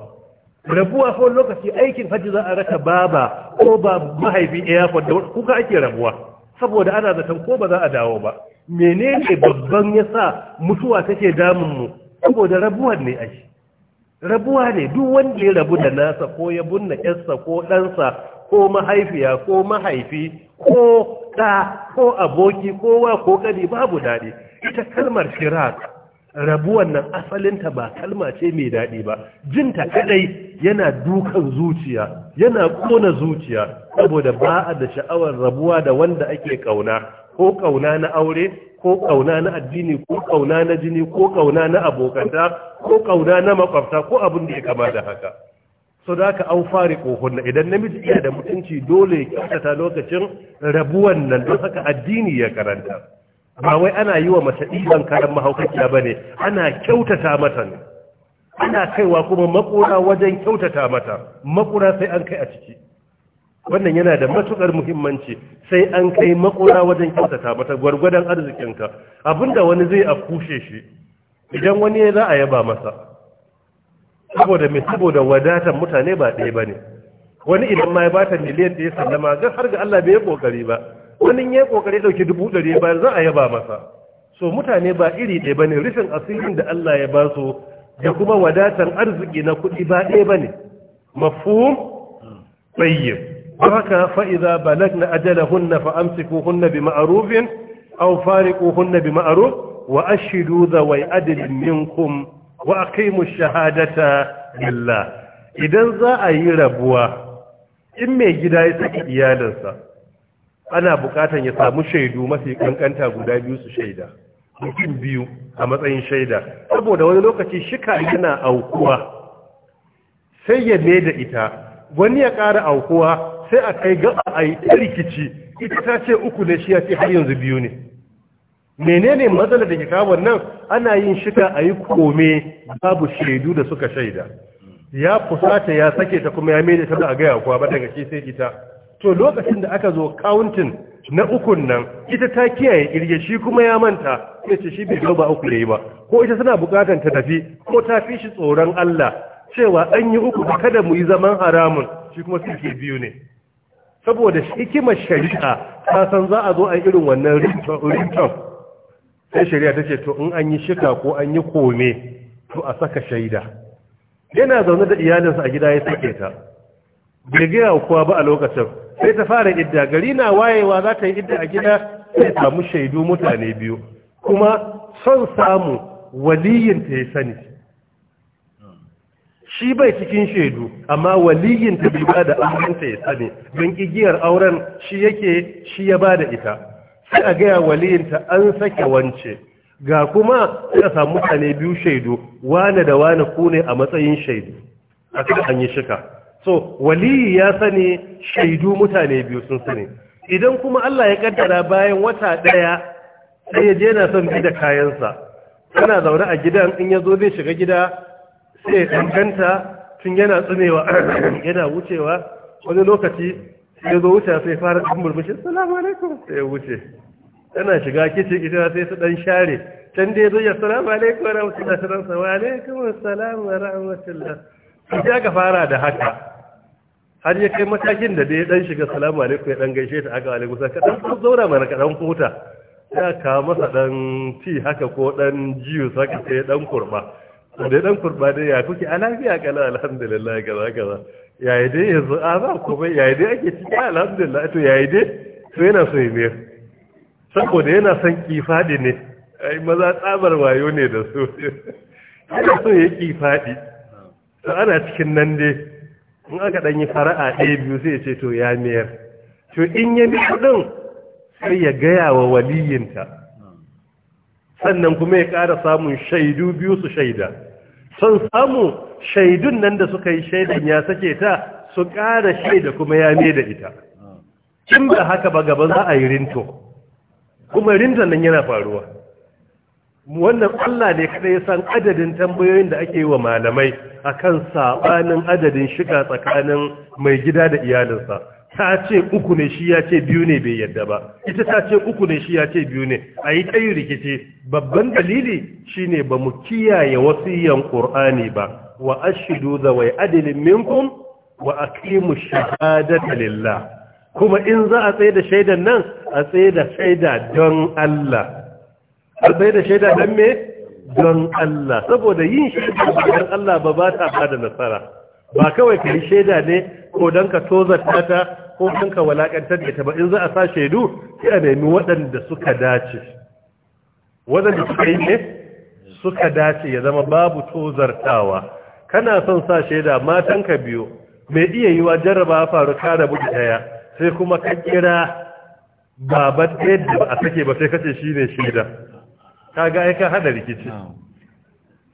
rabuwa ko lokaci aikin hajji za a raka baba ko ba mahaifi airport da kuka ake rabuwa saboda ana zaton ko ba za a dawo ba menene babban yasa mutuwa take damun mu saboda rabuwan ne ai rabuwa ne duk wanda ya rabu da nasa ko ya bunna yarsa ko ɗansa ko mahaifiya ko mahaifi ko ɗa ko aboki kowa ko kani babu daɗi ita kalmar firak rabuwan nan asalinta ba kalma ce mai daɗi ba jinta kadai yana dukan zuciya yana kona zuciya saboda ba a da sha'awar rabuwa da wanda ake kauna ko kauna na aure ko kauna na addini ko kauna na jini ko kauna na abokanta ko kauna na makwabta ko abin da ya kama da haka so da aka aufari fari idan namiji iya da mutunci dole ya kyautata lokacin rabuwan nan don haka addini ya karanta ba wai ana yi wa mace ɗiban kayan mahaukaciya ba ne ana kyautata mata ne ana kaiwa kuma makura wajen kyautata mata makura sai an kai a ciki wannan yana da matukar muhimmanci sai an kai makura wajen kyautata mata gwargwadon arzikinka abinda wani zai a kushe shi idan wani ya za a yaba masa saboda mai saboda wadatar mutane ba ɗaya ba ne wani idan ma ya bata miliyan ya sallama ga har ga Allah bai yi ƙoƙari ba wani ya kokare dauki dubu ɗari ba za a yaba masa so mutane ba iri ɗaya bane rufin asirin da Allah ya ba su da kuma wadatar arziki na kuɗi ba ɗaya bane mafhum tayyib haka fa idza balagna ajalahunna fa amsikuhunna bi ma'ruf aw fariquhunna bi ma'ruf wa ashhidu dhawai adlin minkum wa aqimu shahadata lillah idan za a yi rabuwa in mai gida ya saki iyalinsa ana bukatan ya samu shaidu mafi kankanta guda biyu su shaida mutum biyu a matsayin shaida saboda wani lokaci shika yana aukuwa sai ya ne da ita wani ya kara aukuwa sai a kai gaba a yi ta rikici ita ta ce uku ne shi ya har yanzu biyu ne menene matsalar da ke kawo nan ana yin shika a yi kome babu shaidu da suka shaida ya fusata ya sake ta kuma ya da ta da a gaya kuwa ba daga shi sai ita to lokacin da aka zo kauntin na ukun nan ita ta kiyaye irge shi kuma ya manta ya ce shi bai zo ba uku yayi ba ko ita tana bukatan ta tafi ko ta fi shi tsoron Allah cewa an yi uku ba kada mu yi zaman haramun shi kuma suke biyu ne saboda hikimar shari'a ta san za a zo a irin wannan rinton sai shari'a ta ce to in an yi shika ko an yi kome to a saka shaida yana zaune da iyalinsa a gida ya sake ta bai gaya kowa ba a lokacin sai ta fara idda gari na wayewa za ta yi idda a gida sai samu shaidu mutane biyu kuma son samu waliyin ya sani shi bai cikin shaidu amma waliyin ta ba da aurenta ya sani don igiyar auren shi yake shi ya ba da ita sai a gaya waliyinta an sake wance ga kuma suka samu mutane biyu shaidu wane da wane ku ne a matsayin shaidu a kan an yi shika so waliyi ya sani shaidu mutane biyu sun sani idan kuma Allah ya kaddara bayan wata daya sai ya je yana son gida da kayansa kana zaune a gidan in ya zo zai shiga gida sai ya danganta tun yana tsinewa yana wucewa wani lokaci ya zo wuce sai fara ɗan murmushin salamu alaikum sai ya wuce yana shiga kicin idan sai su ɗan share can dai zo ya salamu alaikum wa rahmatullahi wa alaikum wa salamu wa rahmatullah sai ka fara da haka har ya kai matakin da dai dan shiga salamu alaikum ya dan gaishe ta aka alaikum sai ka dan zaura mana ka dan huta ya ka masa dan ti haka ko dan jiyo saka sai dan kurba da dan kurba dai ya kuke a lafiya kala alhamdulillah gaza ya yi dai yanzu a za ku bai yi dai ake ciki alhamdulillah to ya yi dai to yana so yi biyar saboda yana son kifadi ne ai maza tsabar wayo ne da su yana so ya kifadi to ana cikin nan dai in aka dan yi fara'a ɗaya biyu sai ya ce to ya mayar to in ya bi kuɗin sai ya gaya wa waliyinta sannan kuma ya ƙara samun shaidu biyu su shaida son samu shaidun nan da suka yi shaidan ya sake ta su ƙara shaida kuma ya mai da ita in ba haka ba gaban za a yi rinto kuma rinton nan yana faruwa wannan Allah ne kada ya san adadin tambayoyin da ake yi wa malamai akan sabanin adadin shiga tsakanin mai gida da iyalinsa ta ce uku ne shi ya ce biyu ne bai yadda ba ita ta ce uku ne shi ya ce biyu ne a yi yi rikici babban dalili shine ba mu kiyaye wasiyan ƙur'ani ba wa ashidu wai adilin minkum wa aqimu shahadata lillah kuma in za a tsaye da shaidan nan a tsaye da shaida don Allah Albai da shaida dan me don Allah saboda yin shaida don Allah ba ba ta bada nasara ba kawai kai shaida ne ko dan ka tozarta tata ko dan ka walakantar da ta ba in za a sa shaidu sai a nemi waɗanda suka dace waɗanda suka yi ne suka dace ya zama babu tozartawa kana son sa shaida matan ka biyo? mai iya yiwa jarraba faru ka rabu da daya sai kuma ka kira baban ɗaya da ba a sake ba sai kace shi ne shaida kaga ai ka hada rikici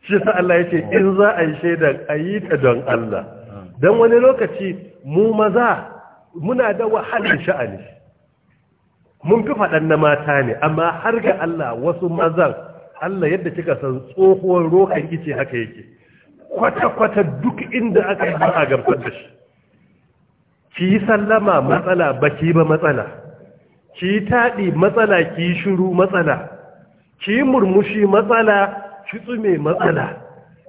shi sa Allah yace in za a yi a ayi ta don Allah dan wani lokaci mu maza muna da wahalar sha'ani mun fi faɗan na mata ne amma har ga Allah wasu mazan Allah yadda kika san tsohuwar rokan ice haka yake kwata-kwata duk inda aka yi a gamsar da shi ki yi sallama matsala baki ba matsala ki yi taɗi matsala ki yi shuru matsala ki yi murmushi matsala ki tsume matsala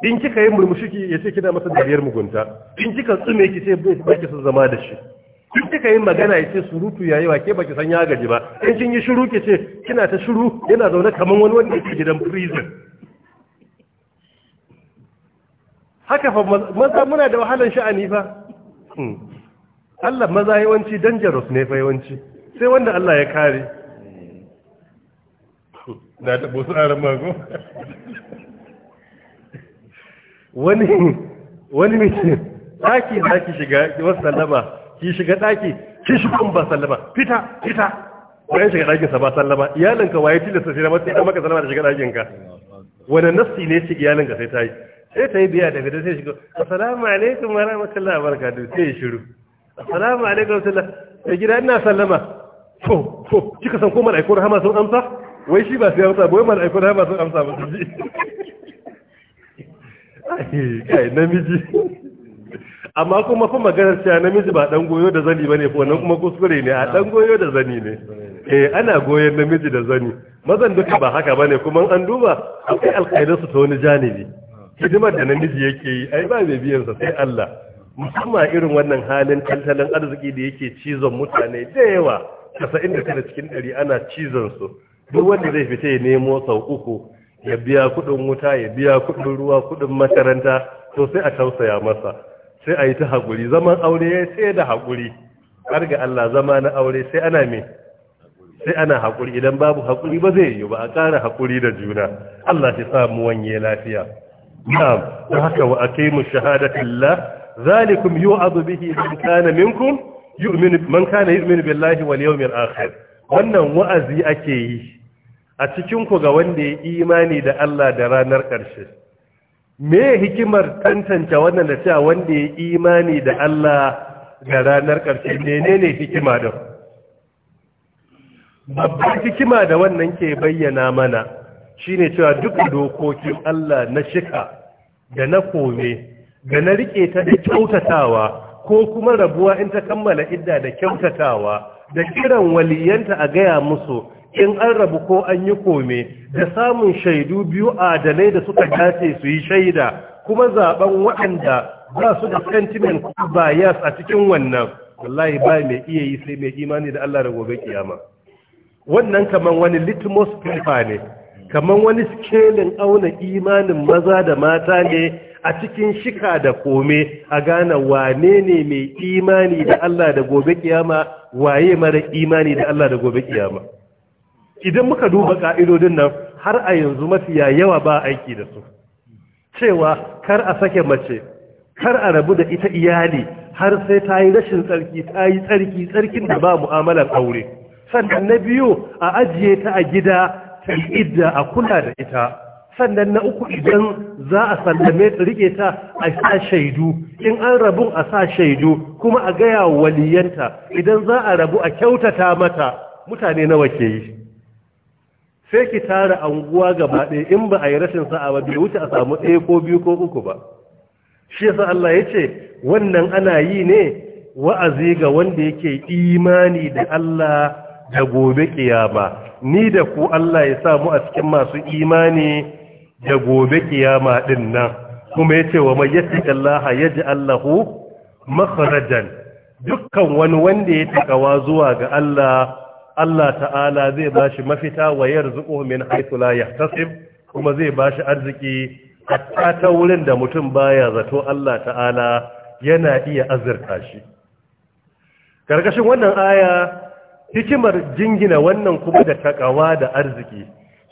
in kika yi murmushi ki yace kina masa dariyar mugunta in kika tsume ki ce bai ki san zama da shi in kika yi magana yace surutu yayi wa ke baki san ya gaji ba in kin yi shiru ki ce kina ta shiru yana zaune kaman wani wanda yake gidan prison haka fa maza muna da wahalan sha'ani fa hmm. Allah maza yawanci dangerous ne fa yawanci sai wanda Allah ya kare na da bosu aran mago wani wani mace daki da ki shiga wasu sallama ki shiga daki ki shigo ba sallama fita fita bayan shiga ɗakinsa sa ba sallama iyalinka waye tilasta sai mata idan maka sallama da shiga ɗakinka? ka wani nafsi ne ce iyalinka sai ta yi sai ta yi biya da fita sai shigo assalamu alaikum wa rahmatullahi wa barakatuh sai ya shiru assalamu alaikum wa rahmatullahi gida ina sallama to to kika san ko malaikun rahama sun amsa wai shi ba sai amsa ba wai aiko na ba sun amsa ba su ji kai namiji amma kuma kuma maganar cewa namiji ba dan goyo da zani bane ko wannan kuma kuskure ne a dan goyo da zani ne eh ana goyon namiji da zani mazan duka ba haka bane kuma an duba akwai alƙaidan su ta wani janibi hidimar da namiji yake yi ai ba mai biyan sa sai Allah musamman irin wannan halin tattalin arziki da yake cizon mutane da yawa 99 cikin 100 ana cizon su duk wanda zai fita ya nemo sau uku ya biya kudin wuta ya biya kudin ruwa kudin makaranta to sai a tausaya masa sai a yi ta haƙuri zaman aure sai da haƙuri har ga Allah zama na aure sai ana me sai ana haƙuri idan babu haƙuri ba zai yi ba a ƙara haƙuri da juna Allah ya sa mu wanye lafiya na'am don haka wa aqimu shahadatillah zalikum yu'adhu bihi man kana minkum yu'minu man kana yu'minu billahi wal yawmil akhir wannan wa'azi ake yi a cikin ku ga wanda ya imani da Allah da ranar ƙarshe me hikimar tantance wannan da cewa wanda ya imani da Allah da ranar ƙarshe menene hikima da Babban hikima da wannan ke bayyana mana shine cewa duk dokokin Allah na shika da na kome da na rike ta da kyautatawa ko kuma rabuwa in ta kammala idda da kyautatawa da kiran waliyanta a gaya musu in an rabu ko an yi kome da samun shaidu biyu adalai da suka dace su yi shaida kuma zaben waɗanda ba su da sentiment ko bias a cikin wannan wallahi ba mai iya yi sai mai imani da Allah da gobe kiyama wannan kaman wani litmus paper ne kaman wani skelin auna imanin maza da mata ne a cikin shika da kome a gane wane ne mai imani da Allah da gobe kiyama waye mara imani da Allah da gobe kiyama idan muka duba ƙa'idodin nan har a yanzu mafiya yawa ba aiki da su cewa kar a sake mace kar a rabu da ita iyali har sai ta yi rashin tsarki ta yi tsarki tsarkin da ba mu'amalar aure sannan na biyu a ajiye ta a gida ta yi idda a kula da ita sannan na uku idan za a sallame ta rike ta a sa shaidu in an rabu a sa shaidu kuma a gaya waliyanta idan za a rabu a kyautata mata mutane nawa ke yi sai ki tara anguwa gaba ɗaya in ba a yi rashin sa'a ba bai wuce a samu ɗaya ko biyu ko uku ba shi yasa Allah ya ce wannan ana yi ne wa'azi ga wanda yake imani da Allah da gobe kiyama ni da ku Allah ya samu a cikin masu imani da gobe kiyama din nan kuma yace wa Allah ya ji Allahu makhrajan dukkan wani wanda ya takawa zuwa ga Allah Allah ta'ala zai ba shi mafita wa yarzuquhu min haythu la yahtasib kuma zai ba shi arziki hatta ta wurin da mutum baya zato Allah ta'ala yana iya azurta shi karkashin wannan aya hikimar jingina wannan kuma da takawa da arziki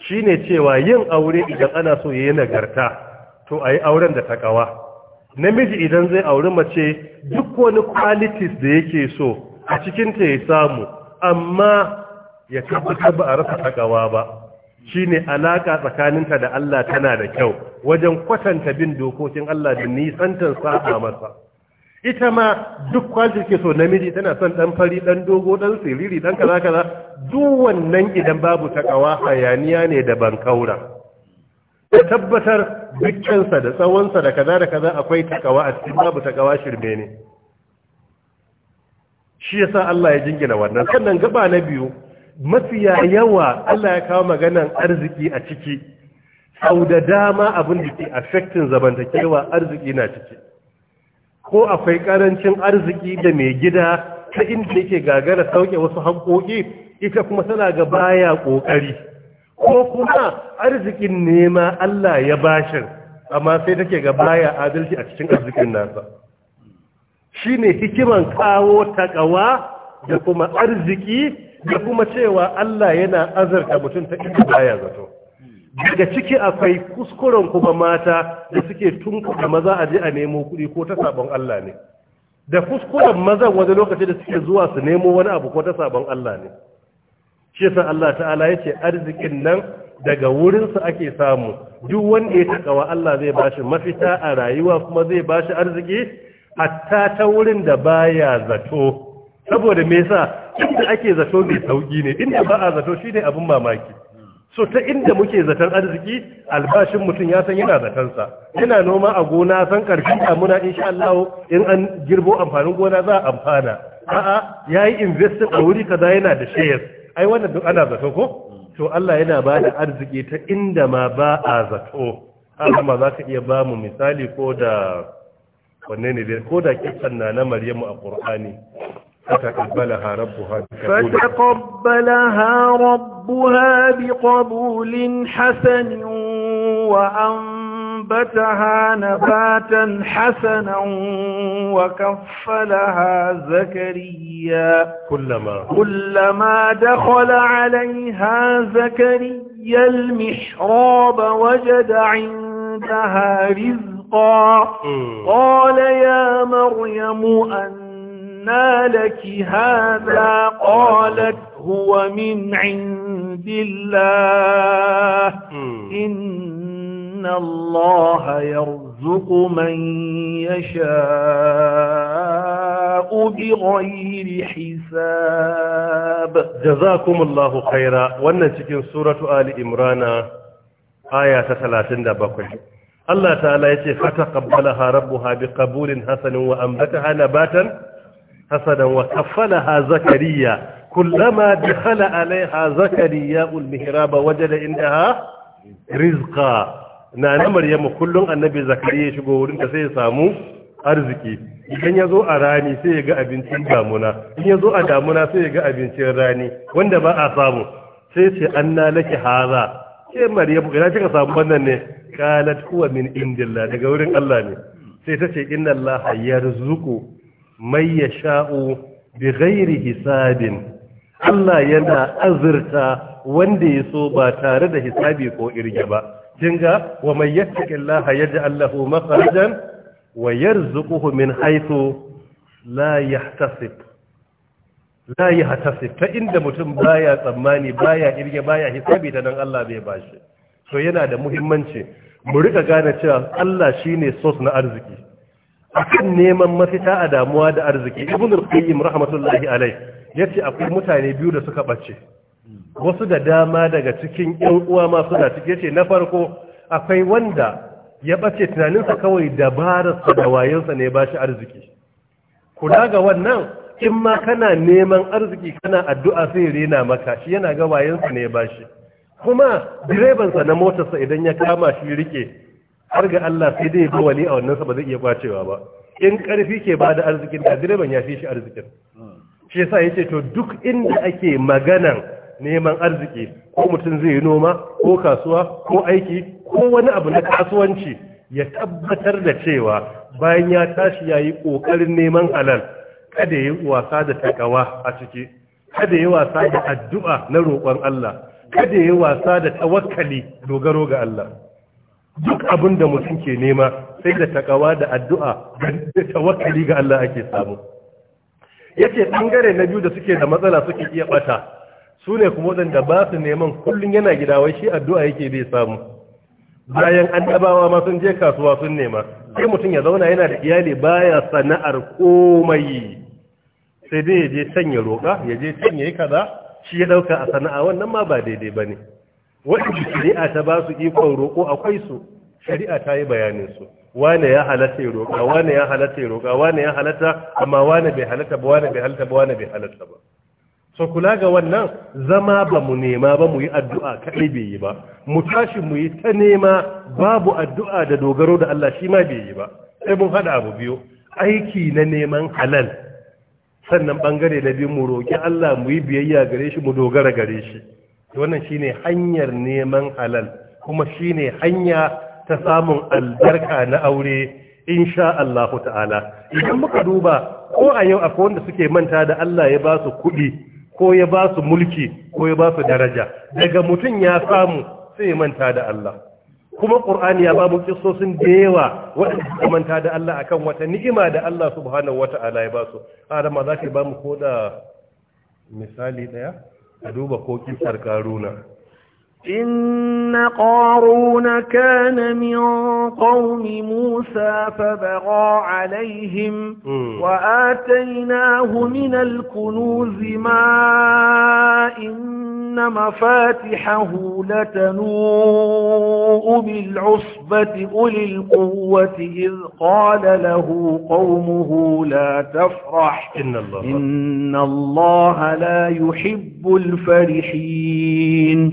shine cewa yin aure idan ana so yayi nagarta to ayi auren da takawa namiji idan zai auri mace duk wani qualities da yake so a cikinta ya samu amma ya tabbatar ba a rasa takawa ba Shi ne alaƙa tsakaninta da Allah tana da kyau wajen kwatanta bin dokokin Allah da nisantar sa'a masa ita ma duk kwajir ke so namiji tana son ɗan fari ɗan dogo ɗan siriri ɗan kaza kaza duk wannan idan babu takawa hayaniya ne da ban kaura ya tabbatar dukkansa da tsawonsa da kaza da kaza akwai takawa a cikin babu takawa shirme ne shi ya sa Allah ya jingina wannan sannan gaba na biyu mafiya yawa Allah ya kawo maganan arziki a ciki sau da dama abin da ke affecting zamantakewa arziki na ciki ko akwai karancin arziki da mai gida ta inda yake gagara sauke wasu hankoki, ita kuma tana ga baya ƙoƙari ko kuma arzikin nema Allah ya bashin amma sai take ga baya adalci a cikin arzikin nasa Shi ne hikiman kawo ta ƙawa da kuma arziki da kuma cewa Allah yana azarta mutum ta inda baya zato daga ciki akwai kuskuren kuma mata da suke tunkuɗa maza a ji a nemo kuɗi ko ta sabon Allah ne da kuskuren mazan wani lokaci da suke zuwa su nemo wani abu ko ta sabon Allah ne shi yasa Allah ta'ala ya ce arzikin nan daga wurinsa ake samu duk wanda ya takawa Allah zai bashi mafita a rayuwa kuma zai bashi arziki hatta ta wurin da baya zato saboda me yasa inda ake zato mai sauki ne inda ba a zato shine abin mamaki so ta inda muke zaton arziki albashin mutum ya san yana zatonsa yana noma a gona san karfi muna insha Allah in an girbo amfanin gona za a amfana a'a yayi investing a wuri kaza yana da shares ai wannan duk ana zato ko to Allah yana ba da arziki ta inda ma ba a zato amma za ka iya ba mu misali ko da wanne ne dai ko da kisan na na maryamu a qur'ani فتقبلها ربها فتقبلها ربها بقبول حسن وأنبتها نباتا حسنا وكفلها زكريا كلما كلما دخل عليها زكريا المحراب وجد عندها رزقا قال يا مريم أنا لك هذا قالت هو من عند الله إن الله يرزق من يشاء بغير حساب جزاكم الله خيرا وانا سورة آل ali آية aya ta 37 Allah ta'ala yace fataqabbalaha rabbuha biqabulin hasanin wa hana nabatan hasadan wa ha zakariya bi ha كلما دخل waje da inda ha? عندها رزقا نانا مريم Kullum annabi zakariya ya shigo wurin sai ya samu arziki idan ya zo a rani sai ya ga abincin damuna Idan ya zo a damuna sai ya ga abincin rani wanda ba a samu sai ce na laki haza ce maryam ina kika samu wannan ne kalat huwa min indillah daga wurin Allah ne sai ta ce inna Allah yarzuqu may yasha'u bighairi hisabin Allah yana azurta wanda ya so ba tare da hisabi ko irge ba kinga wa may Allah yaj'al lahu makhrajan wa yarzuquhu min haythu la yahtasib la yahtasib ta inda mutum baya tsammani baya irge baya hisabi da nan Allah bai bashi To yana da muhimmanci mu rika gane cewa Allah shi ne sos na arziki akan neman mafita a damuwa da arziki ibn al-qayyim rahmatullahi ya ce akwai mutane biyu da suka ɓace. wasu da dama daga cikin ƴan uwa ma suna cike yace na farko akwai wanda ya ɓace tunaninsa kawai dabararsa da wayonsa ne ba shi arziki kula ga wannan in ma kana neman arziki kana addu'a sai rena maka shi yana ga wayonsa ne ba shi kuma direbansa na motarsa idan ya kama shi rike har ga Allah sai dai ba wani a wannan sa ba zai iya kwacewa ba in karfi ke ba da arzikin da direban ya fi shi arzikin shi yasa yace to duk inda ake maganan neman arziki ko mutum zai yi noma ko kasuwa ko aiki ko wani abu na kasuwanci ya tabbatar da cewa bayan ya tashi ya yi ƙoƙarin neman halal kada ya yi wasa da takawa a ciki kada ya yi wasa da addu'a na roƙon Allah kada ya wasa da tawakkali dogaro ga Allah duk abin da mutum ke nema sai da takawa da addu'a da tawakkali ga Allah ake samu yace bangare na biyu da suke da matsala suke iya bata su ne kuma wadanda ba su neman kullum yana gida wai shi addu'a yake bai samu bayan annabawa ma sun je kasuwa sun nema sai mutum ya zauna yana da iyali baya sana'ar komai sai dai ya je can ya roƙa ya je can ya kaza shi ya ɗauka a sana'a wannan ma ba daidai ba ne waɗanda shari'a ta ba su ikon roƙo akwai su shari'a ta yi bayanin su wane ya halatta ya roƙa wane ya halatta ya roƙa wane ya halatta amma wane bai halatta ba wane bai halatta ba wane bai halatta ba so kula ga wannan zama ba mu nema ba mu yi addu'a kaɗai bai yi ba mu tashi mu yi ta nema babu addu'a da dogaro da Allah shi ma bai yi ba sai mun haɗa abu biyu aiki na neman halal sannan bangare na biyu mu roƙi, Allah mu yi biyayya gare shi mu dogara gare shi wannan shine hanyar neman halal kuma shine hanya ta samun albarka na aure insha Allah ta'ala idan muka duba ko a yau akwai wanda suke manta da Allah ya ba su kuɗi ko ya ba su mulki ko ya ba su daraja daga mutum ya samu sai manta da Allah kuma qur'ani ya babu kissosin da yawa waɗanda manta da Allah akan wata ni'ima da Allah subhanahu wata'ala ya basu. su adam ma zaka ba mu koda misali ɗaya, a duba ko ƙisar karuna إن قارون كان من قوم موسى فبغى عليهم وآتيناه من الكنوز ما إن مفاتحه لتنوء بالعصبة أولي القوة إذ قال له قومه لا تفرح إن الله, إن الله لا يحب الفرحين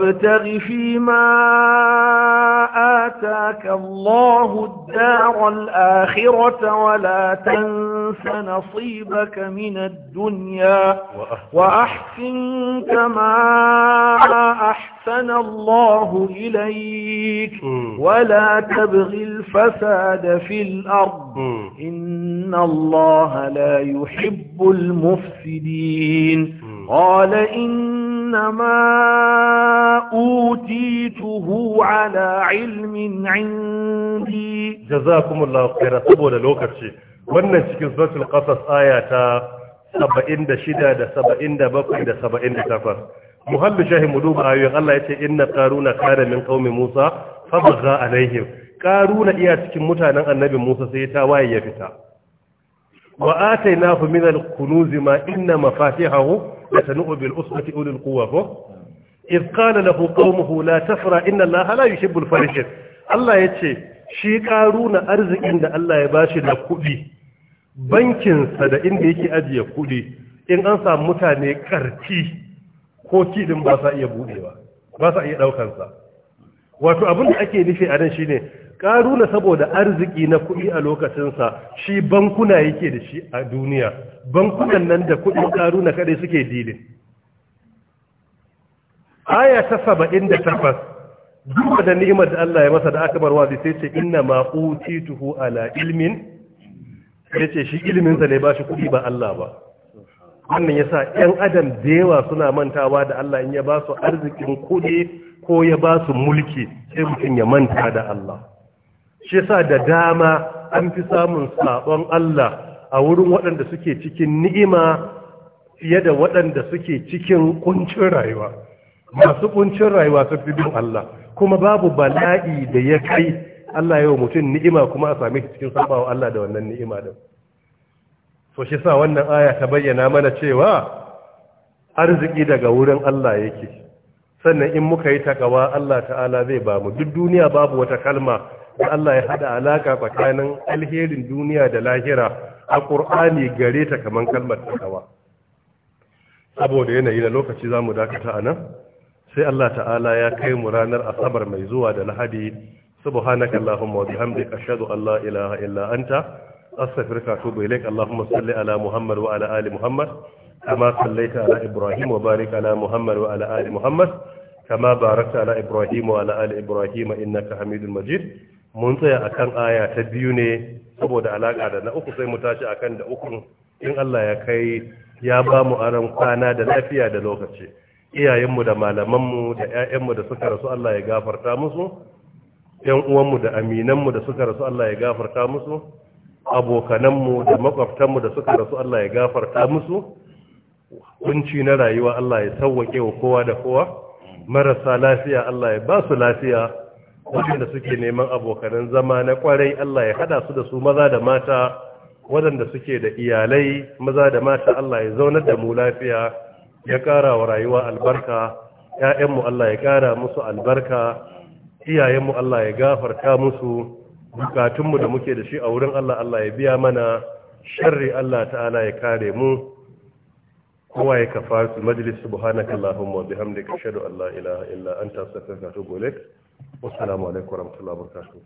وابتغ فيما آتاك الله الدار الآخرة ولا تنس نصيبك من الدنيا وأحسن كما أحسن الله إليك ولا تبغ الفساد في الأرض إن الله لا يحب المفسدين قال إنما أوتيته على علم عندي جزاكم الله خيرا سبولا لوكرشي wannan cikin suratul qasas aya ta 76 da 77 da 78 muhallu shahi muduba ayoyin Allah yace inna qaruna kana min qaumi Musa fa baga alaihim qaruna iya cikin mutanen annabi Musa sai ta waye ya fita wa atainahu min al-kunuz ma inna لتنوء da أولي القوة فوق إذ قال له قومه لا تفرى إن Allah ya ce shi ƙaru na arzikin da Allah ya ba shi da kuɗi bankinsa da inda yake ajiye kuɗi in an samu mutane ƙarfi ko kiɗin ba sa iya buɗewa ba sa iya ɗaukansa wato abin da ake nufi anan nan shine karuna saboda arziki na kuɗi a lokacinsa shi bankuna yake da shi a duniya bankunan nan da kuɗin karuna kaɗai suke dilin aya ta saba'in da tafas, duba da ni'imar da Allah ya masa da aka barwa zai ce inna ma utituhu ala ilmin Sai ce shi ilminsa ne ba shi kuɗi ba Allah ba wannan yasa 'yan adam da suna mantawa da Allah in ya ba su arzikin kuɗi ko ya ba su mulki sai mutum ya manta da Allah shi yasa da dama an fi samun sabon Allah a wurin waɗanda suke cikin ni'ima fiye da waɗanda suke cikin kuncin rayuwa masu kuncin rayuwa sun fi bin Allah kuma babu bala'i da ya kai Allah yau mutum ni'ima kuma a sami cikin sabawa Allah da wannan ni'ima din so shi sa wannan aya ta bayyana mana cewa arziki daga wurin Allah yake sannan in muka yi takawa Allah ta'ala zai ba mu duk duniya babu wata kalma da Allah ya hada alaka tsakanin alherin duniya da lahira a ƙur'ani gare ta kamar kalmar takawa saboda yanayi na lokaci za mu dakata a nan sai Allah ta'ala ya kai mu ranar asabar mai zuwa da lahadi subhanaka allahumma wa bihamdika ashhadu an la ilaha illa anta astaghfiruka wa atubu ilaik allahumma salli ala muhammad wa ala ali muhammad kama sallaita ala ibrahim wa barik ala muhammad wa ala ali muhammad كما ala على إبراهيم وعلى آل إبراهيم إنك حميد majid mun tsaya a kan aya ta biyu ne saboda alaƙa da na uku sai mu tashi akan da uku in Allah ya kai ya ba mu aron kwana da lafiya da lokaci iyayenmu da malamanmu da 'ya'yanmu da suka rasu Allah ya gafarta musu ‘yan uwanmu da aminanmu da suka rasu Allah ya gafarta musu, abokananmu da makwabtanmu da suka rasu Allah ya gafarta musu, kunci na rayuwa Allah ya sauwaƙe wa kowa da kowa, marasa lafiya Allah ya ba su lafiya, waɗanda suke neman abokanan zama na ƙwarai Allah ya haɗa su da su maza da mata waɗanda suke da iyalai maza da mata Allah ya zaunar da mu lafiya ya ƙara wa rayuwa albarka ‘ya'yanmu Allah ya ƙara musu albarka iyayenmu Allah ya gafarta musu bukatunmu da muke da shi a wurin Allah Allah ya biya mana sharri Allah ta'ala ya kare mu kowa ya kafa su majalis subhanakallahumma wa bihamdika ashhadu an la ilaha illa anta astaghfiruka wa wassalamu alaikum warahmatullahi wabarakatuh